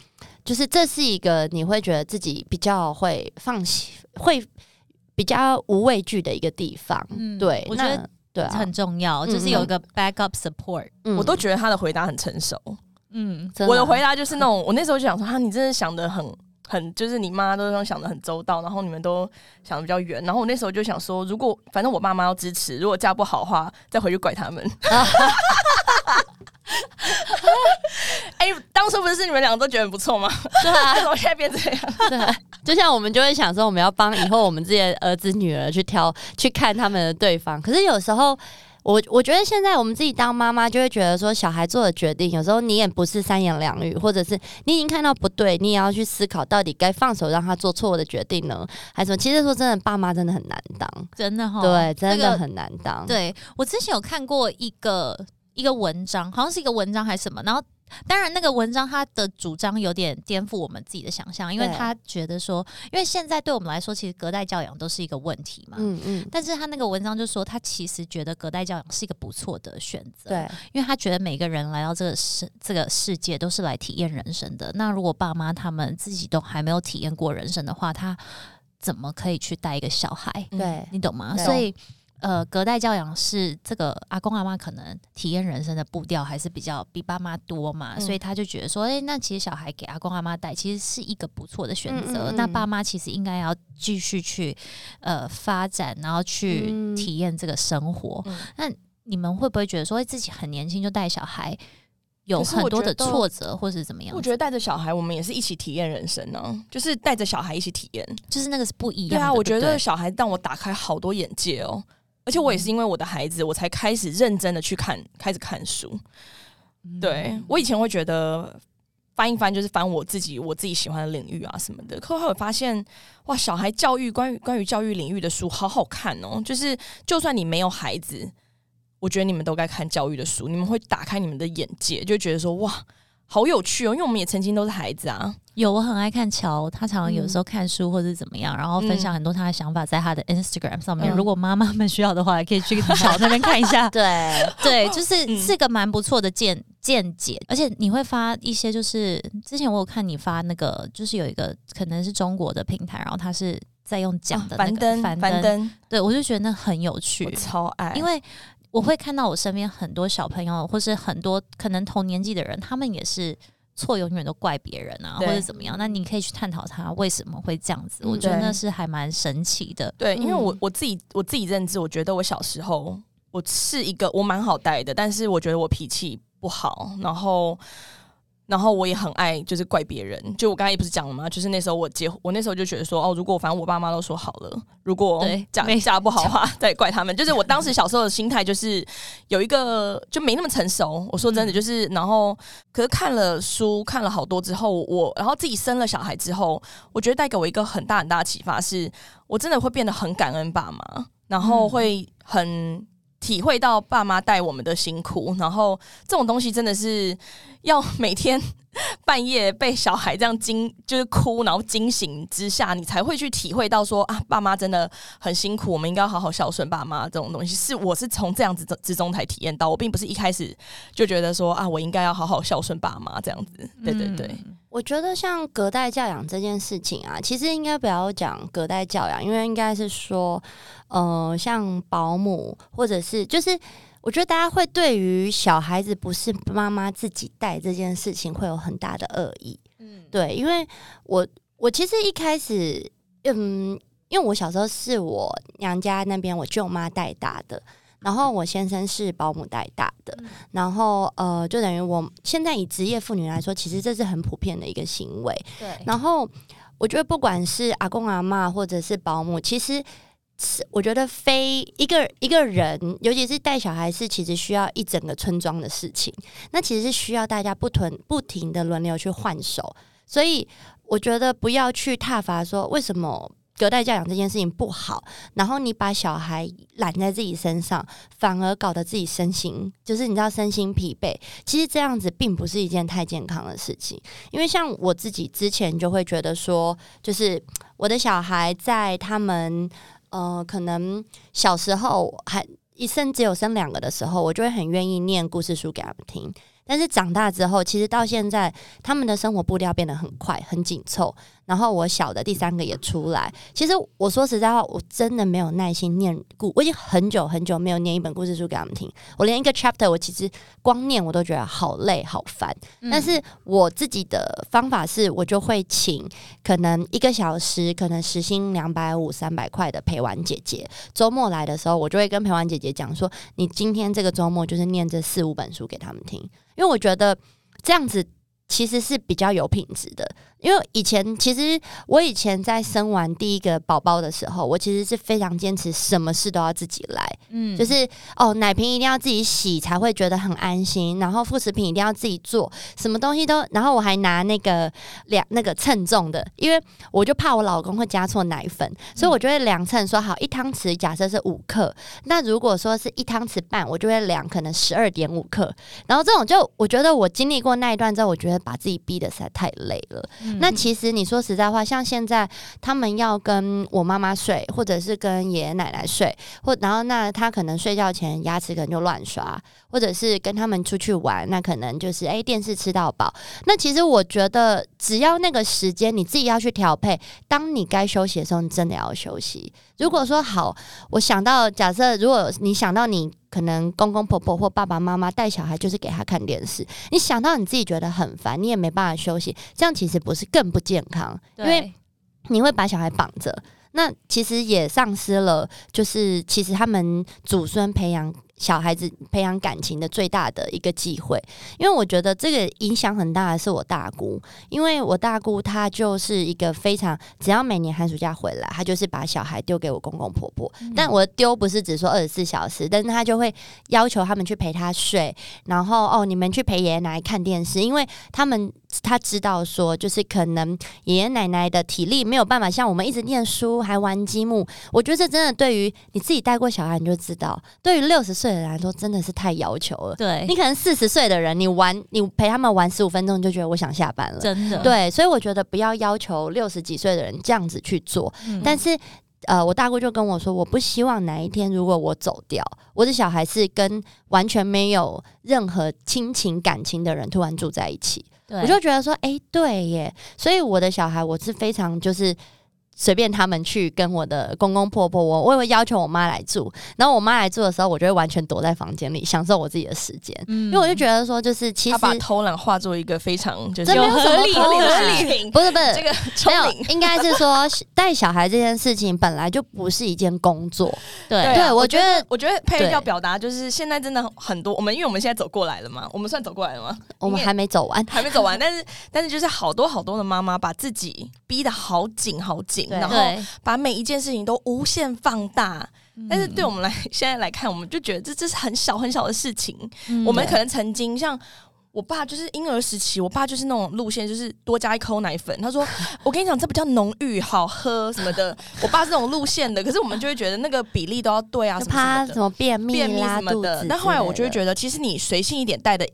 [SPEAKER 2] 就是這是一個你會覺得自己比較會放心，會比較無畏懼的一個地方。嗯、對那，我覺得。對啊、這很重要，
[SPEAKER 3] 嗯嗯，就是有一個 backup support。我都覺得他的回答很成熟。
[SPEAKER 1] 嗯，我的回答
[SPEAKER 3] 就是那種，嗯、我那時候就想說，哈、啊，你真的想的很很，就是你媽都想的很周到，然後你們都想的比較遠。然後我那時候就想說，如果反正我爸媽要支持，如果嫁不好的話，再回去拐他們。 哎、 欸，當初不是，是你們兩個都覺得不錯嗎？對啊，怎麼 現在變這樣。
[SPEAKER 2] 對、啊，就像我們就會想說，我們要幫以後我們自己的兒子女兒去挑，去看他們的對方。可是有時候，我我覺得現在我們自己當媽媽，就會覺得說，小孩做的決定，有時候你也不是三言兩語，或者是你已經看到不對，你也要去思考，到底該放手讓他做錯誤的決定呢，還是說？其實說真的，爸媽真的很難當，
[SPEAKER 1] 真的哈，對，真的很
[SPEAKER 2] 難當。這
[SPEAKER 1] 個、對我之前有看過一個。一個文章，好像是一個文章還是什麼？然後，當然那個文章他的主張有點顛覆我們自己的想象，因為他覺得說，因為現在對我們來說，其實隔代教養都是一個問題嘛。嗯嗯。但是他那個文章就是說，他其實覺得隔代教養是一個不錯的選擇，對，因為他覺得每個人來到這個世這個世界都是來體驗人生的。那如果爸媽他們自己都還沒有體驗過人生的話，他怎麼可以去帶一個小孩？嗯、對你懂嗎？哦、所以。呃，隔代教養是這個阿公阿媽可能體驗人生的步調還是比較比爸媽多嘛、嗯，所以他就覺得說，哎、欸，那其實小孩給阿公阿媽帶其實是一個不錯的選擇、嗯嗯嗯。那爸媽其實應該要繼續去呃發展，然後去體驗這個生活、嗯嗯。那你們會不會覺得說，自己很年輕就帶小孩有很多的挫折，或是怎麼樣我？我覺得
[SPEAKER 3] 帶着小孩，我們也是一起體驗人生呢、啊，就是帶着小孩一起體驗，
[SPEAKER 1] 就是那個是不一
[SPEAKER 3] 樣。對啊，我覺得小孩讓我打開好多眼界哦。而且我也是因為我的孩子，我才開始認真的去看，開始看書。嗯、
[SPEAKER 2] 對，
[SPEAKER 3] 我以前會覺得翻一翻，就是翻我自己我自己喜歡的領域啊什麼的，可後來我會發現哇，小孩教育關於關於教育領域的書好好看哦。就是就算你沒有孩子，我覺得你們都該看教育的書，你們會打開你們的眼界，就覺得說哇。好有趣哦，因為我們也曾經都是孩子啊。
[SPEAKER 1] 有，我很愛看喬，他常常有時候看書或者怎麼樣，然後分享很多他的想法在他的 Instagram 上面。嗯、如果媽媽們需要的話，也可以去喬那邊看一下。 對對，就是是個蠻不錯的見見解，而且你會發一些，就是之前我有看你發那個，就是有一個可能是中國的平台，然後他是在用講的那個樊登、哦、對我就覺得那很有趣，我超愛、啊，因為。我會看到我身邊很多小朋友，或是很多可能同年紀的人，他們也是錯永遠都怪別人啊，或者怎麼樣。那你可以去探討他為什麼會這樣子。嗯、我覺得那是還蠻神奇的。對，因為我我自己我自己認知，我覺得我小時候，嗯、我是一個
[SPEAKER 3] 我蠻好帶的，但是我覺得我脾氣不好，然後。嗯然後我也很愛，就是怪別人。就我剛才也不是講了嗎？就是那時候我結，我那時候就覺得說，哦，如果反正我爸媽都說好了，如果講一下不好話，對，怪他們。就是我當時小時候的心態，就是有一個就沒那麼成熟。我說真的，就是、嗯、然後，可是看了書，看了好多之後，我然後自己生了小孩之後，我覺得帶給我一個很大很大的啟發是，是我真的會變得很感恩爸媽，然後會很。嗯體會到爸媽帶我們的辛苦，然後這種東西真的是要每天。半夜被小孩這樣驚，就是哭，然後驚醒之下，你才會去體會到說啊，爸媽真的很辛苦，我們應該要好好孝順爸媽這種東西。是，我是從這樣子之之中才體驗到，我並不是一開始就覺得說啊，我應該要好好孝順爸媽這樣子。對對
[SPEAKER 2] 對，嗯，我覺得像隔代教養這件事情啊，其實應該不要講隔代教養，因為應該是說，呃，像保姆或者是就是。我覺得大家會對於小孩子不是媽媽自己帶這件事情會有很大的惡意，嗯，對，因為我我其實一開始，嗯，因為我小時候是我娘家那邊我舅媽帶大的，然後我先生是保姆帶大的，嗯，然後呃，就等於我現在以職業婦女來說，其實這是很普遍的一個行為，對。然後我覺得不管是阿公阿嬤或者是保姆，其實。我覺得非一個一個人，尤其是帶小孩，是其實需要一整個村莊的事情。那其實是需要大家不輪不停的輪流去換手。所以，我覺得不要去撻伐說為什麼隔代教養這件事情不好，然後你把小孩攬在自己身上，反而搞得自己身心，就是你知道身心疲憊。其實這樣子並不是一件太健康的事情。因為像我自己之前就會覺得說，就是我的小孩在他們。呃，可能小時候還一生只有生兩個的時候，我就會很願意念故事書給他們聽。但是長大之後，其實到現在，他們的生活步調變得很快，很緊湊。然後我小的第三個也出來。其實我說實在話，我真的沒有耐心念故，我已經很久很久沒有念一本故事書給他們聽。我連一個 chapter，我其實光念我都覺得好累好煩。嗯。但是我自己的方法是，我就會請可能一個小時，可能時薪兩百五、三百塊的陪玩姐姐。周末來的時候，我就會跟陪玩姐姐講說：“你今天這個周末就是念這四五本書給他們聽。”因為我覺得這樣子其實是比較有品質的。因為以前其實我以前在生完第一個寶寶的時候，我其實是非常堅持什麼事都要自己來，嗯，就是哦奶瓶一定要自己洗才會覺得很安心，然後副食品一定要自己做，什麼東西都，然後我還拿那個量那個稱重的，因為我就怕我老公會加錯奶粉，嗯，所以我就會量稱說，好，一湯匙假設是五克，那如果說是一湯匙半，我就會量可能十二點五克，然後這種就我覺得我經歷過那一段之後，我覺得把自己逼的實在太累了。那其實你說實在話，像現在他們要跟我媽媽睡，或者是跟爺爺奶奶睡，或然後那他可能睡覺前牙齒可能就亂刷，或者是跟他們出去玩，那可能就是哎、欸、電視吃到飽。那其實我覺得，只要那個時間你自己要去調配，當你該休息的時候，你真的要休息。如果說好，我想到假設，如果你想到你。可能公公婆婆婆、或爸爸媽媽帶小孩，就是給他看電視。你想到你自己覺得很煩，你也沒辦法休息，這樣其實不是更不健康？因為你會把小孩綁着。那其實也喪失了，就是其實他們祖孫培養小孩子，培養感情的最大的一個機會。因為我覺得這個影響很大的是我大姑，因為我大姑她就是一個非常，只要每年寒暑假回來，她就是把小孩丟給我公公婆婆。但我丟不是只說二十四小時，但是她就會要求他們去陪她睡，然後哦，你們去陪爺爺奶奶看電視，因為他們他知道說，就是可能爺爺奶奶的體力沒有辦法像我們一直念書。還玩積木，我覺得這真的對於你自己帶過小孩你就知道，對於六十歲的人來說真的是太要求了。對，你可能四十歲的人，你玩你陪他們玩十五分鐘，就覺得我想下班了。真的，對，所以我覺得不要要求六十幾歲的人這樣子去做。嗯、但是，呃，我大姑就跟我說，我不希望哪一天如果我走掉，我的小孩是跟完全沒有任何親情感情的人突然住在一起。對我就覺得說，哎、欸，對耶。所以我的小孩，我是非常就是。隨便他們去跟我的公公婆婆，我我也會要求我媽來住。然後我媽來住的時候，我就會完全躲在房間裡，享受我自己的時間。嗯，因為我就覺得說，就是其實她把偷懶化作一個非常就是有合理是有有合理，不是不是這個沒有，應該是說帶小孩這件事情本來就不是一件工作。對對，啊，我覺得我
[SPEAKER 3] 覺得 Pei 要表達就是現在真的很多我們，因為我們現在走過來了嘛，我們算走過來了嗎？我們還沒走完，還沒走完。 但是但是就是好多好多的媽媽把自己逼得好緊好緊。對，然後把每一件事情都無限放大，但是對我們來現在來看，我們就覺得這這是很小很小的事情。嗯。我們可能曾經像我爸，就是嬰兒時期，我爸就是那種路線，就是多加一口奶粉。他說：“我跟你講，這比較濃郁，好喝什麼的。”我爸是那種路線的，可是我們就會覺得那個比例都要對啊，怕他什麼便秘、什麼的。但後來我就會覺得，其實你隨性一點帶的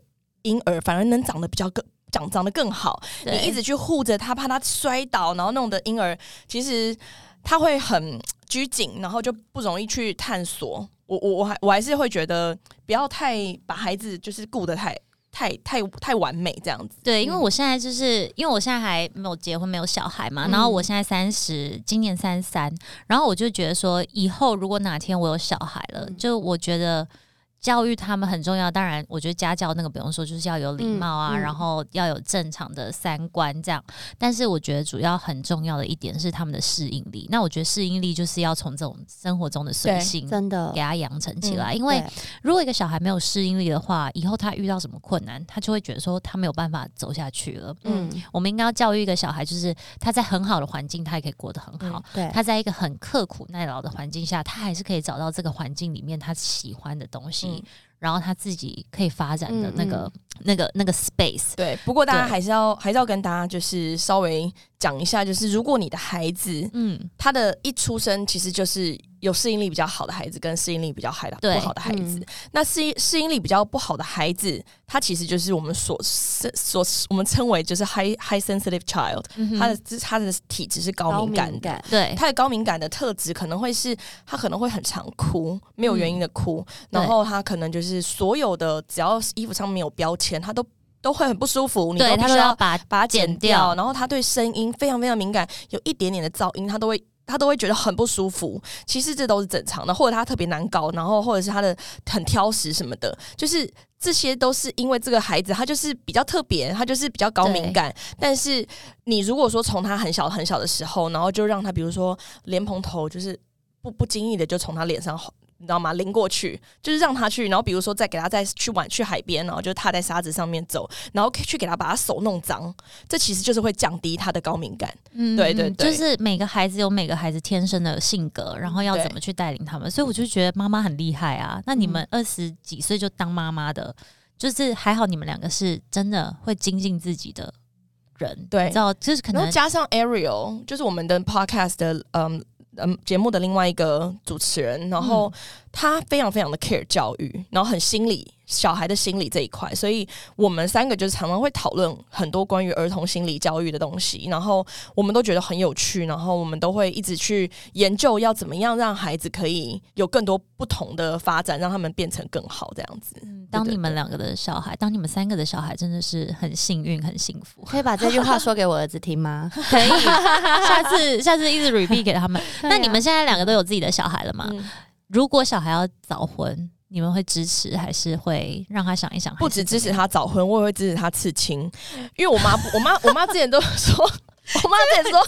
[SPEAKER 3] 嬰兒，反而能長得比較更。長長得更好，你一直去護着他，怕他摔倒，然後弄得嬰兒其實他會很拘謹，然後就不容易去探索。我我我還我還是會覺得，不要太把孩子就是顧得太太太太完美這樣子。對，因為我
[SPEAKER 1] 現在就是因為我現在還沒有結婚，沒有小孩嘛，然後我現在三十，今年三十三，然後我就覺得說，以後如果哪天我有小孩了，就我覺得。教育他們很重要，當然，我覺得家教那個不用說，就是要有禮貌啊、嗯嗯，然後要有正常的三觀這樣。但是，我覺得主要很重要的一點是他們的適應力。那我覺得適應力就是要從這種生活中的隨性，真的給他養成起來。因為如果一個小孩沒有適應力的話、嗯，以後他遇到什麼困難，他就會覺得說他沒有辦法走下去了。嗯，我們應該要教育一個小孩，就是他在很好的環境，他也可以過得很好、嗯對，他在一個很刻苦耐勞的環境下，他還是可以找到這個環境裡面他喜歡的東西。嗯然後他自己可以發展的那個、嗯嗯那個、那個 space。對，不過大家還是要還是要跟
[SPEAKER 3] 大家就是稍微講一下，就是如果你的孩子，嗯，他的一出生其實就是。有適應力比較好的孩子跟適應力比較害的不好的孩子，嗯、那適應、適應力比較不好的孩子，他其實就是我們所是所我們稱為就是 high high sensitive child，嗯、他的他的體質是高敏感的，感對他的高敏感的特質可能會是，他可能會很常哭，沒有原因的哭，嗯、然後他可能就是所有的只要衣服上面有標籤，他都都會很不舒服，你說他需要把
[SPEAKER 1] 要把它剪
[SPEAKER 2] 掉，
[SPEAKER 3] 然後他對聲音非常非常敏感，有一點點的噪音他都會。他都會覺得很不舒服，其實這都是正常的，或者他特別難搞，然後或者是他的很挑食什麼的，就是這些都是因為這個孩子他就是比較特別，他就是比較高敏感。但是你如果說從他很小很小的時候，然後就讓他比如說蓮蓬頭，就是不不經意的就從他臉上。你知道嗎？拎過去就是讓他去，然後比如說再給他再去玩去海邊，然後就踏在沙子上面走，然後去給他把他手弄髒，這其
[SPEAKER 1] 實就是會降低他的高敏感。嗯，對對對，就是每個孩子有每個孩子天生的性格，然後要怎麼去帶領他們，所以我就覺得媽媽很厲害啊、嗯。那你們二十幾歲就當媽媽的、嗯，就是還好你們兩個是真的會精進自己的人，對，你知道就是可能然後加
[SPEAKER 3] 上 Ariel，就是我們的 Podcast 的嗯。Um, 嗯、呃，節目的另外一個主持人，然後、嗯。他非常非常的 care 教育，然後很心理小孩的心理這一塊，所以我們三個就是常常會討論很多關於兒童心理教育的東西，然後我們都覺得很有趣，然後我們都會一直去研究要怎麼樣讓孩子可以有更多不同的發展，讓他們變成更好這樣子。
[SPEAKER 1] 對對對。當你們兩個的小孩，當你們三個的小孩，真的是很幸運、很幸福。可以把這句話說
[SPEAKER 2] 給我兒子聽嗎？ 可
[SPEAKER 1] 以，下次下次一直 repeat 給他們。
[SPEAKER 2] 那你們現在
[SPEAKER 1] 兩個都有自己的小孩了嗎？嗯如果小孩要早婚，你們會支持還是會讓他想一想？不只支持他早婚，我也會支持他刺青。因為我媽不，我媽我媽
[SPEAKER 3] 之前都說， 我媽之前說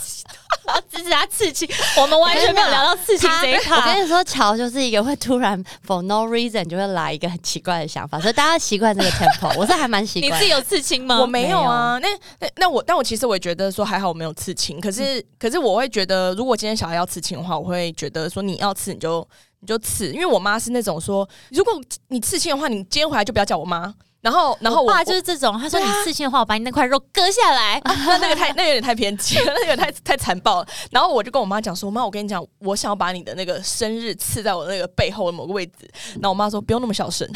[SPEAKER 3] 要支持他刺青，我們完全沒有聊到
[SPEAKER 2] 刺青這一套。我跟你說，喬就是一個會突然 for no reason 就會來一個很奇怪的想法，所以大家習慣這個 tempo，我是還蠻習慣。 你自己有
[SPEAKER 1] 刺青嗎？我沒有啊。有啊那
[SPEAKER 2] 那那我，但
[SPEAKER 3] 我其實我也覺得說還好我沒有刺青。可是、嗯、可是我會覺得，如果今天小孩要刺青的話，我會覺得說你要刺你就。你就刺，因為我媽是那種說，如果你刺青的話，你今天回來就不要叫我媽。然後，然後我，我爸就是這種，他說你刺青的話，啊、我把你那塊肉割下來。那、啊、那個太，那個、有點太偏激了， 那個有點太太殘暴了。然後我就跟我媽講說，媽，我跟你講，我想要把你的那個生日刺在我那個背後的某個位置。然後我媽說， 不用那麼小聲。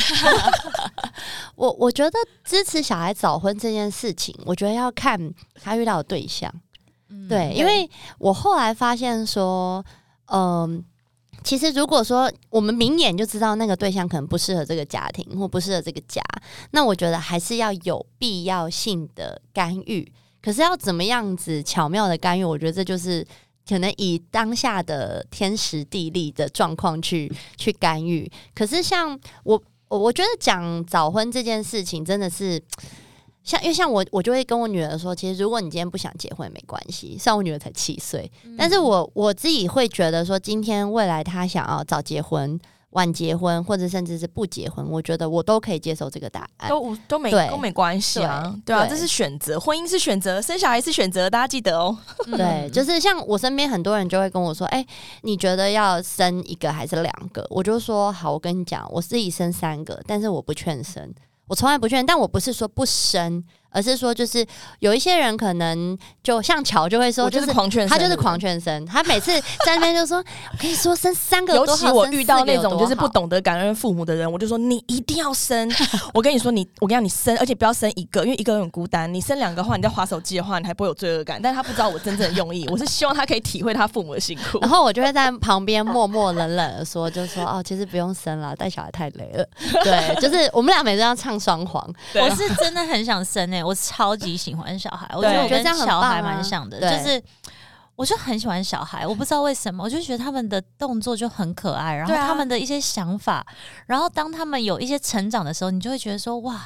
[SPEAKER 2] 我我覺得支持小孩早婚這件事情，我覺得要看他遇到的對象。嗯、對，對，因為我後來發現說，嗯、呃。其實，如果說我們明眼就知道那個對象可能不適合這個家庭或不適合這個家，那我覺得還是要有必要性的干預。可是要怎麼樣子巧妙的干預？我覺得這就是可能以當下的天時地利的狀況去去干預。可是像我，我覺得講早婚這件事情，真的是。像因為像我，我就會跟我女兒說，其實如果你今天不想結婚，沒關係。像我女兒才七歲，嗯，但是我我自己會覺得說，今天未來她想要早結婚、晚結婚，或者甚至是不結婚，我覺得我都可以接受這個答案，都都沒都沒關係啊對。對啊，對，這是選擇，婚姻是選擇，生小孩是選擇，大家記得哦。嗯、 對，就是像我身邊很多人就會跟我說，哎、欸，你覺得要生一個還是兩個？我就說好，我跟你講，我自己生三個，但是我不勸生。我從來不勸，但我不是說不生。而是說，就是有一些人可能就像喬就會說，就是他就是狂勸生,生,生，他每次在那邊就說：“我跟你說，生三個。”尤其我遇到那種就是不
[SPEAKER 3] 懂得感恩父母的人，我就說：“你一定要生。 我跟你說你”我跟你說，你我跟你講你生，而且不要生一個，因為一個很孤單。你生兩個的話，你在滑手機的話，你還不會有罪惡感。但他不知道我真正的用意，我是希望他可以體會他父母的辛苦。 然
[SPEAKER 2] 後我就會在旁邊默默冷,冷冷的說：“就說哦，其實不用生了，帶小孩太累了。 ”對，就是我們倆每次要唱雙簧，對 我是
[SPEAKER 1] 真的很想生誒。我超級喜歡小孩， 我覺得我跟小孩蠻像的，就是我就很喜歡小孩，我不知道為什麼，我就覺得他們的動作就很可愛，然後他們的一些想法，然後當他們有一些成長的時候，你就會覺得說哇，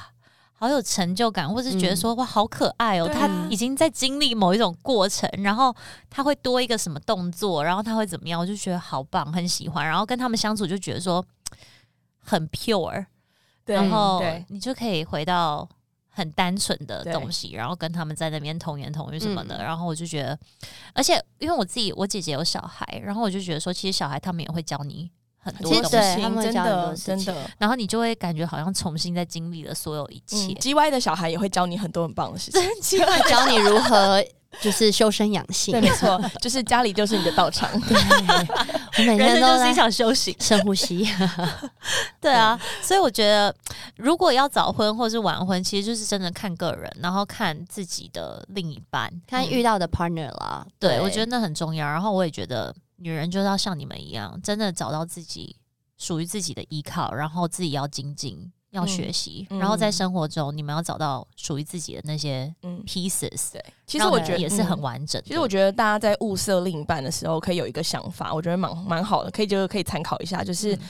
[SPEAKER 1] 好有成就感，或是覺得說、嗯、哇，好可愛哦，啊、他已經在經歷某一種過程，然後他會多一個什麼動作，然後他會怎麼樣，我就覺得好棒，很喜歡，然後跟他們相處就覺得說很 pure，然後你就可以回到。很單純的東西，然後跟他們在那邊童言童語什麼的、嗯，然後我就覺得，而且因為我自己，我姐姐有小孩，然後我就覺得說，其實小孩他們也會教你很多東西，真的真的，然後你就會感覺好像重新在經歷了所有一切。嗯、G Y 的小孩也會教你很多很棒的事情， 教你如
[SPEAKER 2] 何。 就是修身養性， 沒錯，就是家裡就是你的道場。 對，我每天都是一場修行，深呼吸。 對啊，所以我覺得，
[SPEAKER 1] 如果要早婚或是晚婚，其實就是真的看個人，然後看自己的另一半，看遇
[SPEAKER 2] 到的 partner 啦。嗯、
[SPEAKER 1] 對，對，我覺得那很重要。然後我也覺得，女人就是要像你們一樣，真的找到自己屬於自己的依靠，然後自己要精進要學習、嗯，然後在生活中、嗯、你們要找到屬於自己的那些 pieces、嗯。對，其實我覺得也是很完整、嗯。其
[SPEAKER 3] 實我覺得大家在物色另一半的時候，可以有一個想法，嗯、我覺得蠻蠻好的，可以就是可以參考一下。就是、嗯、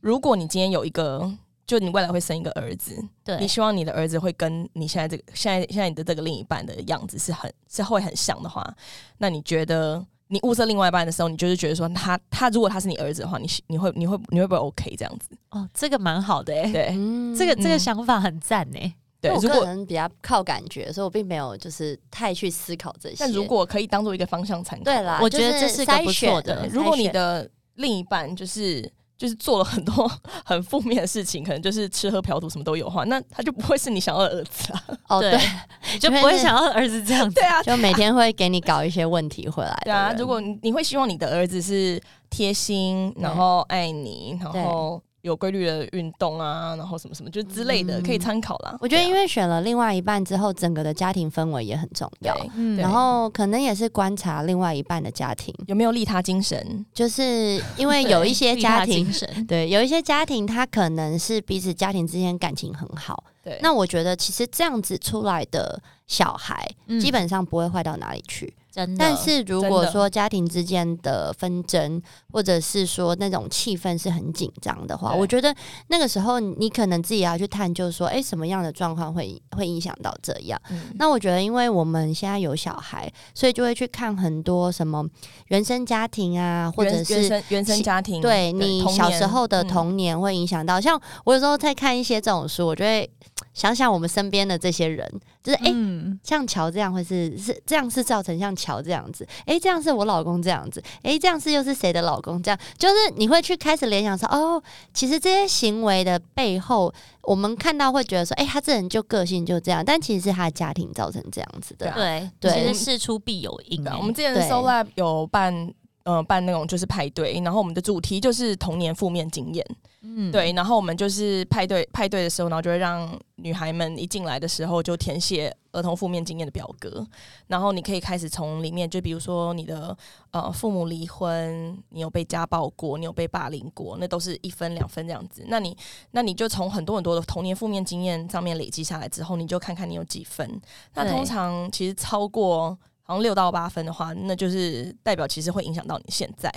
[SPEAKER 3] 如果你今天有一個，就你未來會生一個兒子，對，你希望你的兒子會跟你現在這個現在現在你的這個另一半的樣子是很是會很像的話，那你覺得？你物色另外一半的時候，你就是覺得說他他如果他是你兒子的話，你你會你會你會，你會不會 OK 這樣子？哦，這個蠻好的誒、欸。對，嗯、這個
[SPEAKER 2] 這個想法很贊哎、欸嗯。對我個人比較靠感覺，所以我並沒有就是太去思考這些。但如果可以當做一個方向參考，對啦我覺得這是不錯的，就是、的。如果你的
[SPEAKER 3] 另一半就是。就是做了很多很負面的事情，可能就是吃喝嫖賭什麼都有話，那他就不會是你想要的兒子啊。哦對，
[SPEAKER 1] 對，
[SPEAKER 3] 就不會想要的兒
[SPEAKER 2] 子這樣子。對啊，就每天會給你搞一些問題回來。對
[SPEAKER 3] 啊，如果你會希望你的兒子是貼
[SPEAKER 2] 心，然後愛你，然後。
[SPEAKER 3] 有規律的運動啊，然後什麼什麼就之類的，嗯，可以參考
[SPEAKER 2] 啦。我覺得，因為選了另外一半之後，嗯，整個的家庭氛圍也很重要，嗯。然後可能也是觀察另外一半的家庭有沒有利他精神，就是因為有一些家庭，對，對，有一些家庭他可能是彼此家庭之間感情很好。對，那我覺得其實這樣子出來的小孩，嗯，基本上不會壞到哪裡去。但是，如果說家庭之間的紛爭的，或者是說那種氣氛是很緊張的話，我覺得那個時候你可能自己要去探究說，哎、欸，什麼樣的狀況會會影響到這樣，嗯？那我覺得，因為我們現在有小孩，所以就會去看很多什麼原生家庭啊，或者是原，原生，原生家庭對，對你小時候的童年、嗯、童年會影響到。像我有時候在看一些這種書，我就會想想我們身邊的這些人。就是哎、欸嗯，像喬這樣會是是這樣是造成像喬這樣子，哎、欸，這樣是我老公這樣子，哎、欸，這樣是又是誰的老公？這樣就是你會去開始聯想說，哦，其實這些行為的背後，我們看到會覺得說，哎、欸，他這人就個性就這樣，但其實是他的家庭造成這樣子的。對對，其實事
[SPEAKER 1] 出必有因，啊嗯。我
[SPEAKER 3] 們之前 Soulab 有辦。嗯、呃，辦那種就是派對，然後我們的主題就是童年負面經驗，嗯，對，然後我們就是派對，派對的時候，然後就會讓女孩們一進來的時候就填寫兒童負面經驗的表格，然後你可以開始從裡面，就比如說你的呃父母離婚，你有被家暴過，你有被霸凌過，那都是一分兩分這樣子，那你那你就從很多很多的童年負面經驗上面累積下來之後，你就看看你有幾分，那通常其實超過。好像六到八分的話，那就是代表其實會影響到你現在。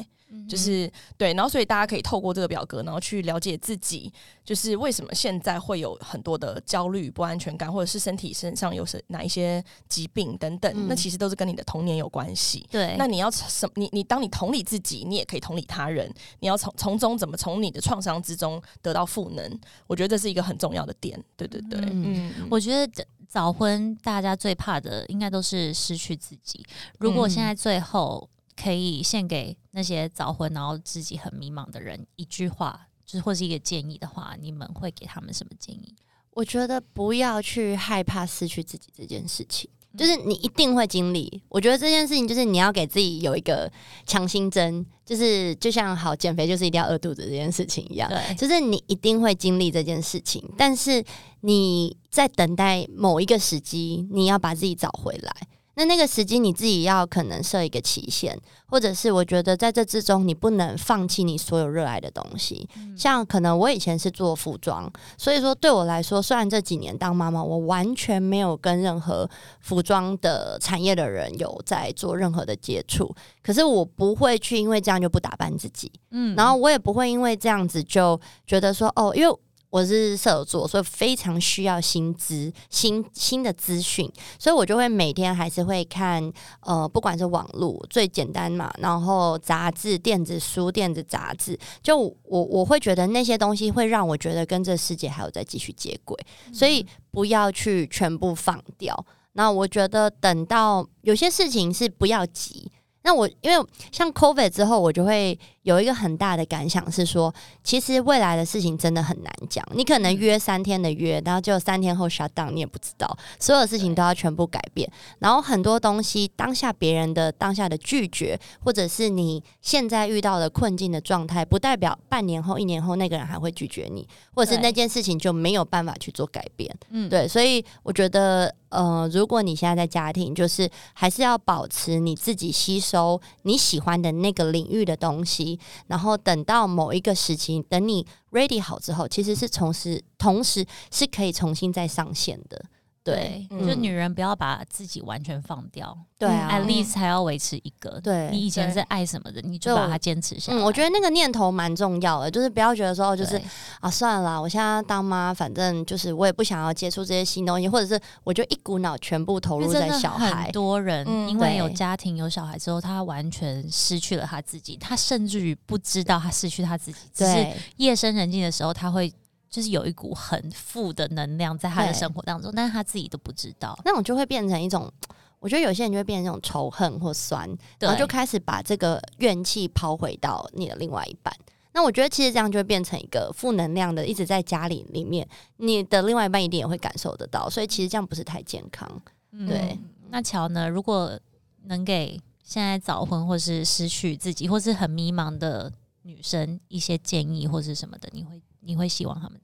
[SPEAKER 3] 就是對，然後所以大家可以透過這個表格，然後去了解自己，就是為什麼現在會有很多的焦慮、不安全感，或者是身體身上有哪一些疾病等等，嗯、那其實都是跟你的童年有關係。對，那你要什麼你你當你同理自己，你也可以同理他人。你要從從中怎麼從你的創傷之中得到賦能？我覺得這是一個很重要的點。對對對，嗯，嗯
[SPEAKER 1] 我覺得早婚大家最怕的應該都是失去自己。如果現在最後、嗯。可以獻給那些早婚然後自己很迷茫的人一句話，就是或是一個建議的話，你們會給他們什麼建議？
[SPEAKER 2] 我覺得不要去害怕失去自己這件事情，嗯、就是你一定會經歷。我覺得這件事情就是你要給自己有一個強心針，就是就像好減肥就是一定要餓肚子這件事情一樣，對，就是你一定會經歷這件事情，但是你在等待某一個時機，你要把自己找回來。那那個時機你自己要可能設一個期限，或者是我覺得在這之中你不能放棄你所有熱愛的東西。嗯。像可能我以前是做服裝，所以說對我來說，雖然這幾年當媽媽，我完全沒有跟任何服裝的產業的人有在做任何的接觸，可是我不會去因為這樣就不打扮自己。嗯，然後我也不會因為這樣子就覺得說哦，因為。我是射手座，所以非常需要新知、新新的資訊，所以我就會每天還是會看，呃，不管是網絡最簡單嘛，然後雜誌、電子書、電子雜誌，就我我會覺得那些東西會讓我覺得跟這世界還有在繼續接軌，嗯，所以不要去全部放掉。那我覺得等到有些事情是不要急。那我因為像 COVID 之後，我就會。有一個很大的感想是說，其實未來的事情真的很難講。你可能約三天的約，然後就三天後 shut down，你也不知道。所有事情都要全部改變。然後很多東西，當下別人的當下的拒絕，或者是你現在遇到的困境的狀態，不代表半年後、一年後那個人還會拒絕你，或者是那件事情就沒有辦法去做改變。嗯，對。所以我覺得，呃，如果你現在在家庭，就是還是要保持你自己吸收你喜歡的那個領域的東西。然後等到某一個時期，等你 ready 好之後，其實是同時同時是可以重新再上線的。對，對、嗯，就女
[SPEAKER 1] 人不要把自己完全放掉，對、啊，至少還要維持一個。對，你以前是愛
[SPEAKER 2] 什麼的，你就把它堅
[SPEAKER 1] 持下來。嗯，我覺
[SPEAKER 2] 得那個念頭蠻重要的，就是不要覺得說，就是啊，算了啦，我現在當媽，反正就是我也不想要接觸這些新東西，或者是我就一股腦全部投入在小孩。因為很多人因為有
[SPEAKER 1] 家庭有小孩之後，他完全失去了他自己，他甚至於不知
[SPEAKER 2] 道他失去他自己，對，只是
[SPEAKER 1] 夜深人靜的時候他會。就是有一股很負的能量在他的生活當中，但是他自己都不知道，
[SPEAKER 2] 那我就會變成一種，我覺得有些人就會變成一種仇恨或酸，然後就開始把這個怨氣拋回到你的另外一半。那我覺得其實這樣就會變成一個負能量的，一直在家裡裡面，你的另外一半一定也會感受得到，所以其實這樣不是太健康。對，嗯，那喬呢？如果
[SPEAKER 1] 能給現在早婚或是失去自己或是很迷茫的女生一些建議，或是什麼的，你會？你會希望他們？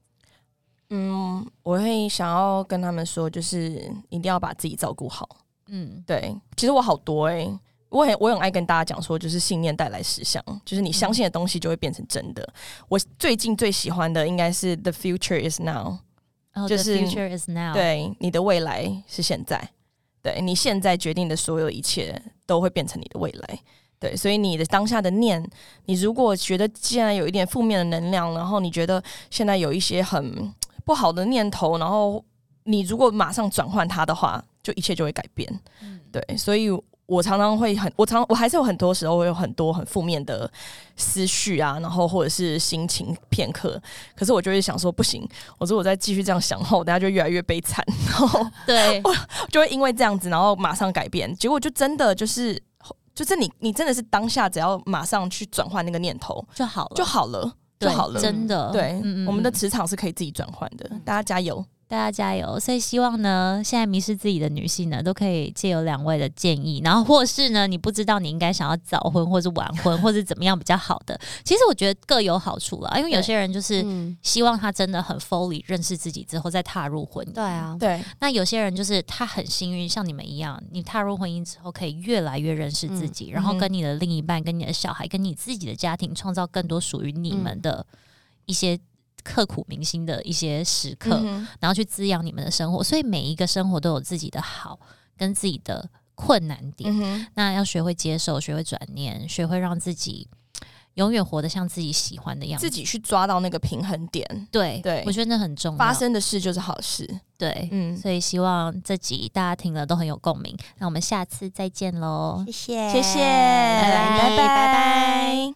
[SPEAKER 1] 嗯、mm -hmm.，我
[SPEAKER 3] 會想要跟他們說，就是一定要把自己照顧好。嗯、mm -hmm.，對。其實我好多誒、欸，我很我很愛跟大家講說，就是信念帶來實相，就是你相信的東西就會變成真的。Mm -hmm. 我最近最喜歡的應該是,、oh, 就是《The Future Is Now》，就是《Future Is Now》。對，你的未來是現在。對，你現在決定的所有一切都會變成你的未來。對，所以你的當下的念，你如果覺得既然有一點負面的能量，然後你覺得現在有一些很不好的念頭，然後你如果馬上轉換它的話，就一切就會改變。嗯。對，所以我常常會很，我常我還是有很多時候會有很多很負面的思緒啊，然後或者是心情片刻，可是我就會想說，不行，我說我再繼續這樣想後，大家就越來越悲慘，然後 對，我就會因為這樣子，然後馬上改變，結果就真的就是。就是你，你真的是當下，只要馬上去轉換那個念頭就好了，就好了，就好了。好了真的，對，嗯嗯，我們的磁場是可以自己轉換的，
[SPEAKER 1] 大家加油。大家加油！所以希望呢，現在迷失自己的女性呢，都可以借由兩位的建議，然後或是呢，你不知道你應該想要早婚或是晚婚， 或是怎麼樣比較好的。其實我覺得各有好處啦，因為有些人就是希望他真的很 fully 認識自己之後再踏入婚姻。對啊，對。那有些人就是他很幸運，像你們一樣，你踏入婚姻之後可以越來越認識自己，嗯、然後跟你的另一半、跟你的小孩、跟你自己的家庭，創造更多屬於你們的一些。刻苦銘心的一些時刻，嗯、然後去滋養你們的生活。所以每一個生活都有自己的好跟自己的困難點，嗯，那要學會接受，學會轉念，學會讓自己永遠活得像自己喜歡的樣子。自己去
[SPEAKER 3] 抓到那個平衡點，
[SPEAKER 1] 對對，我覺得那很重要。發生的事就是好事，對，嗯，所以希望這集大家聽了都很有共鳴。那我們下次再見嘍，謝謝，謝謝，拜拜，拜拜。
[SPEAKER 3] 拜拜。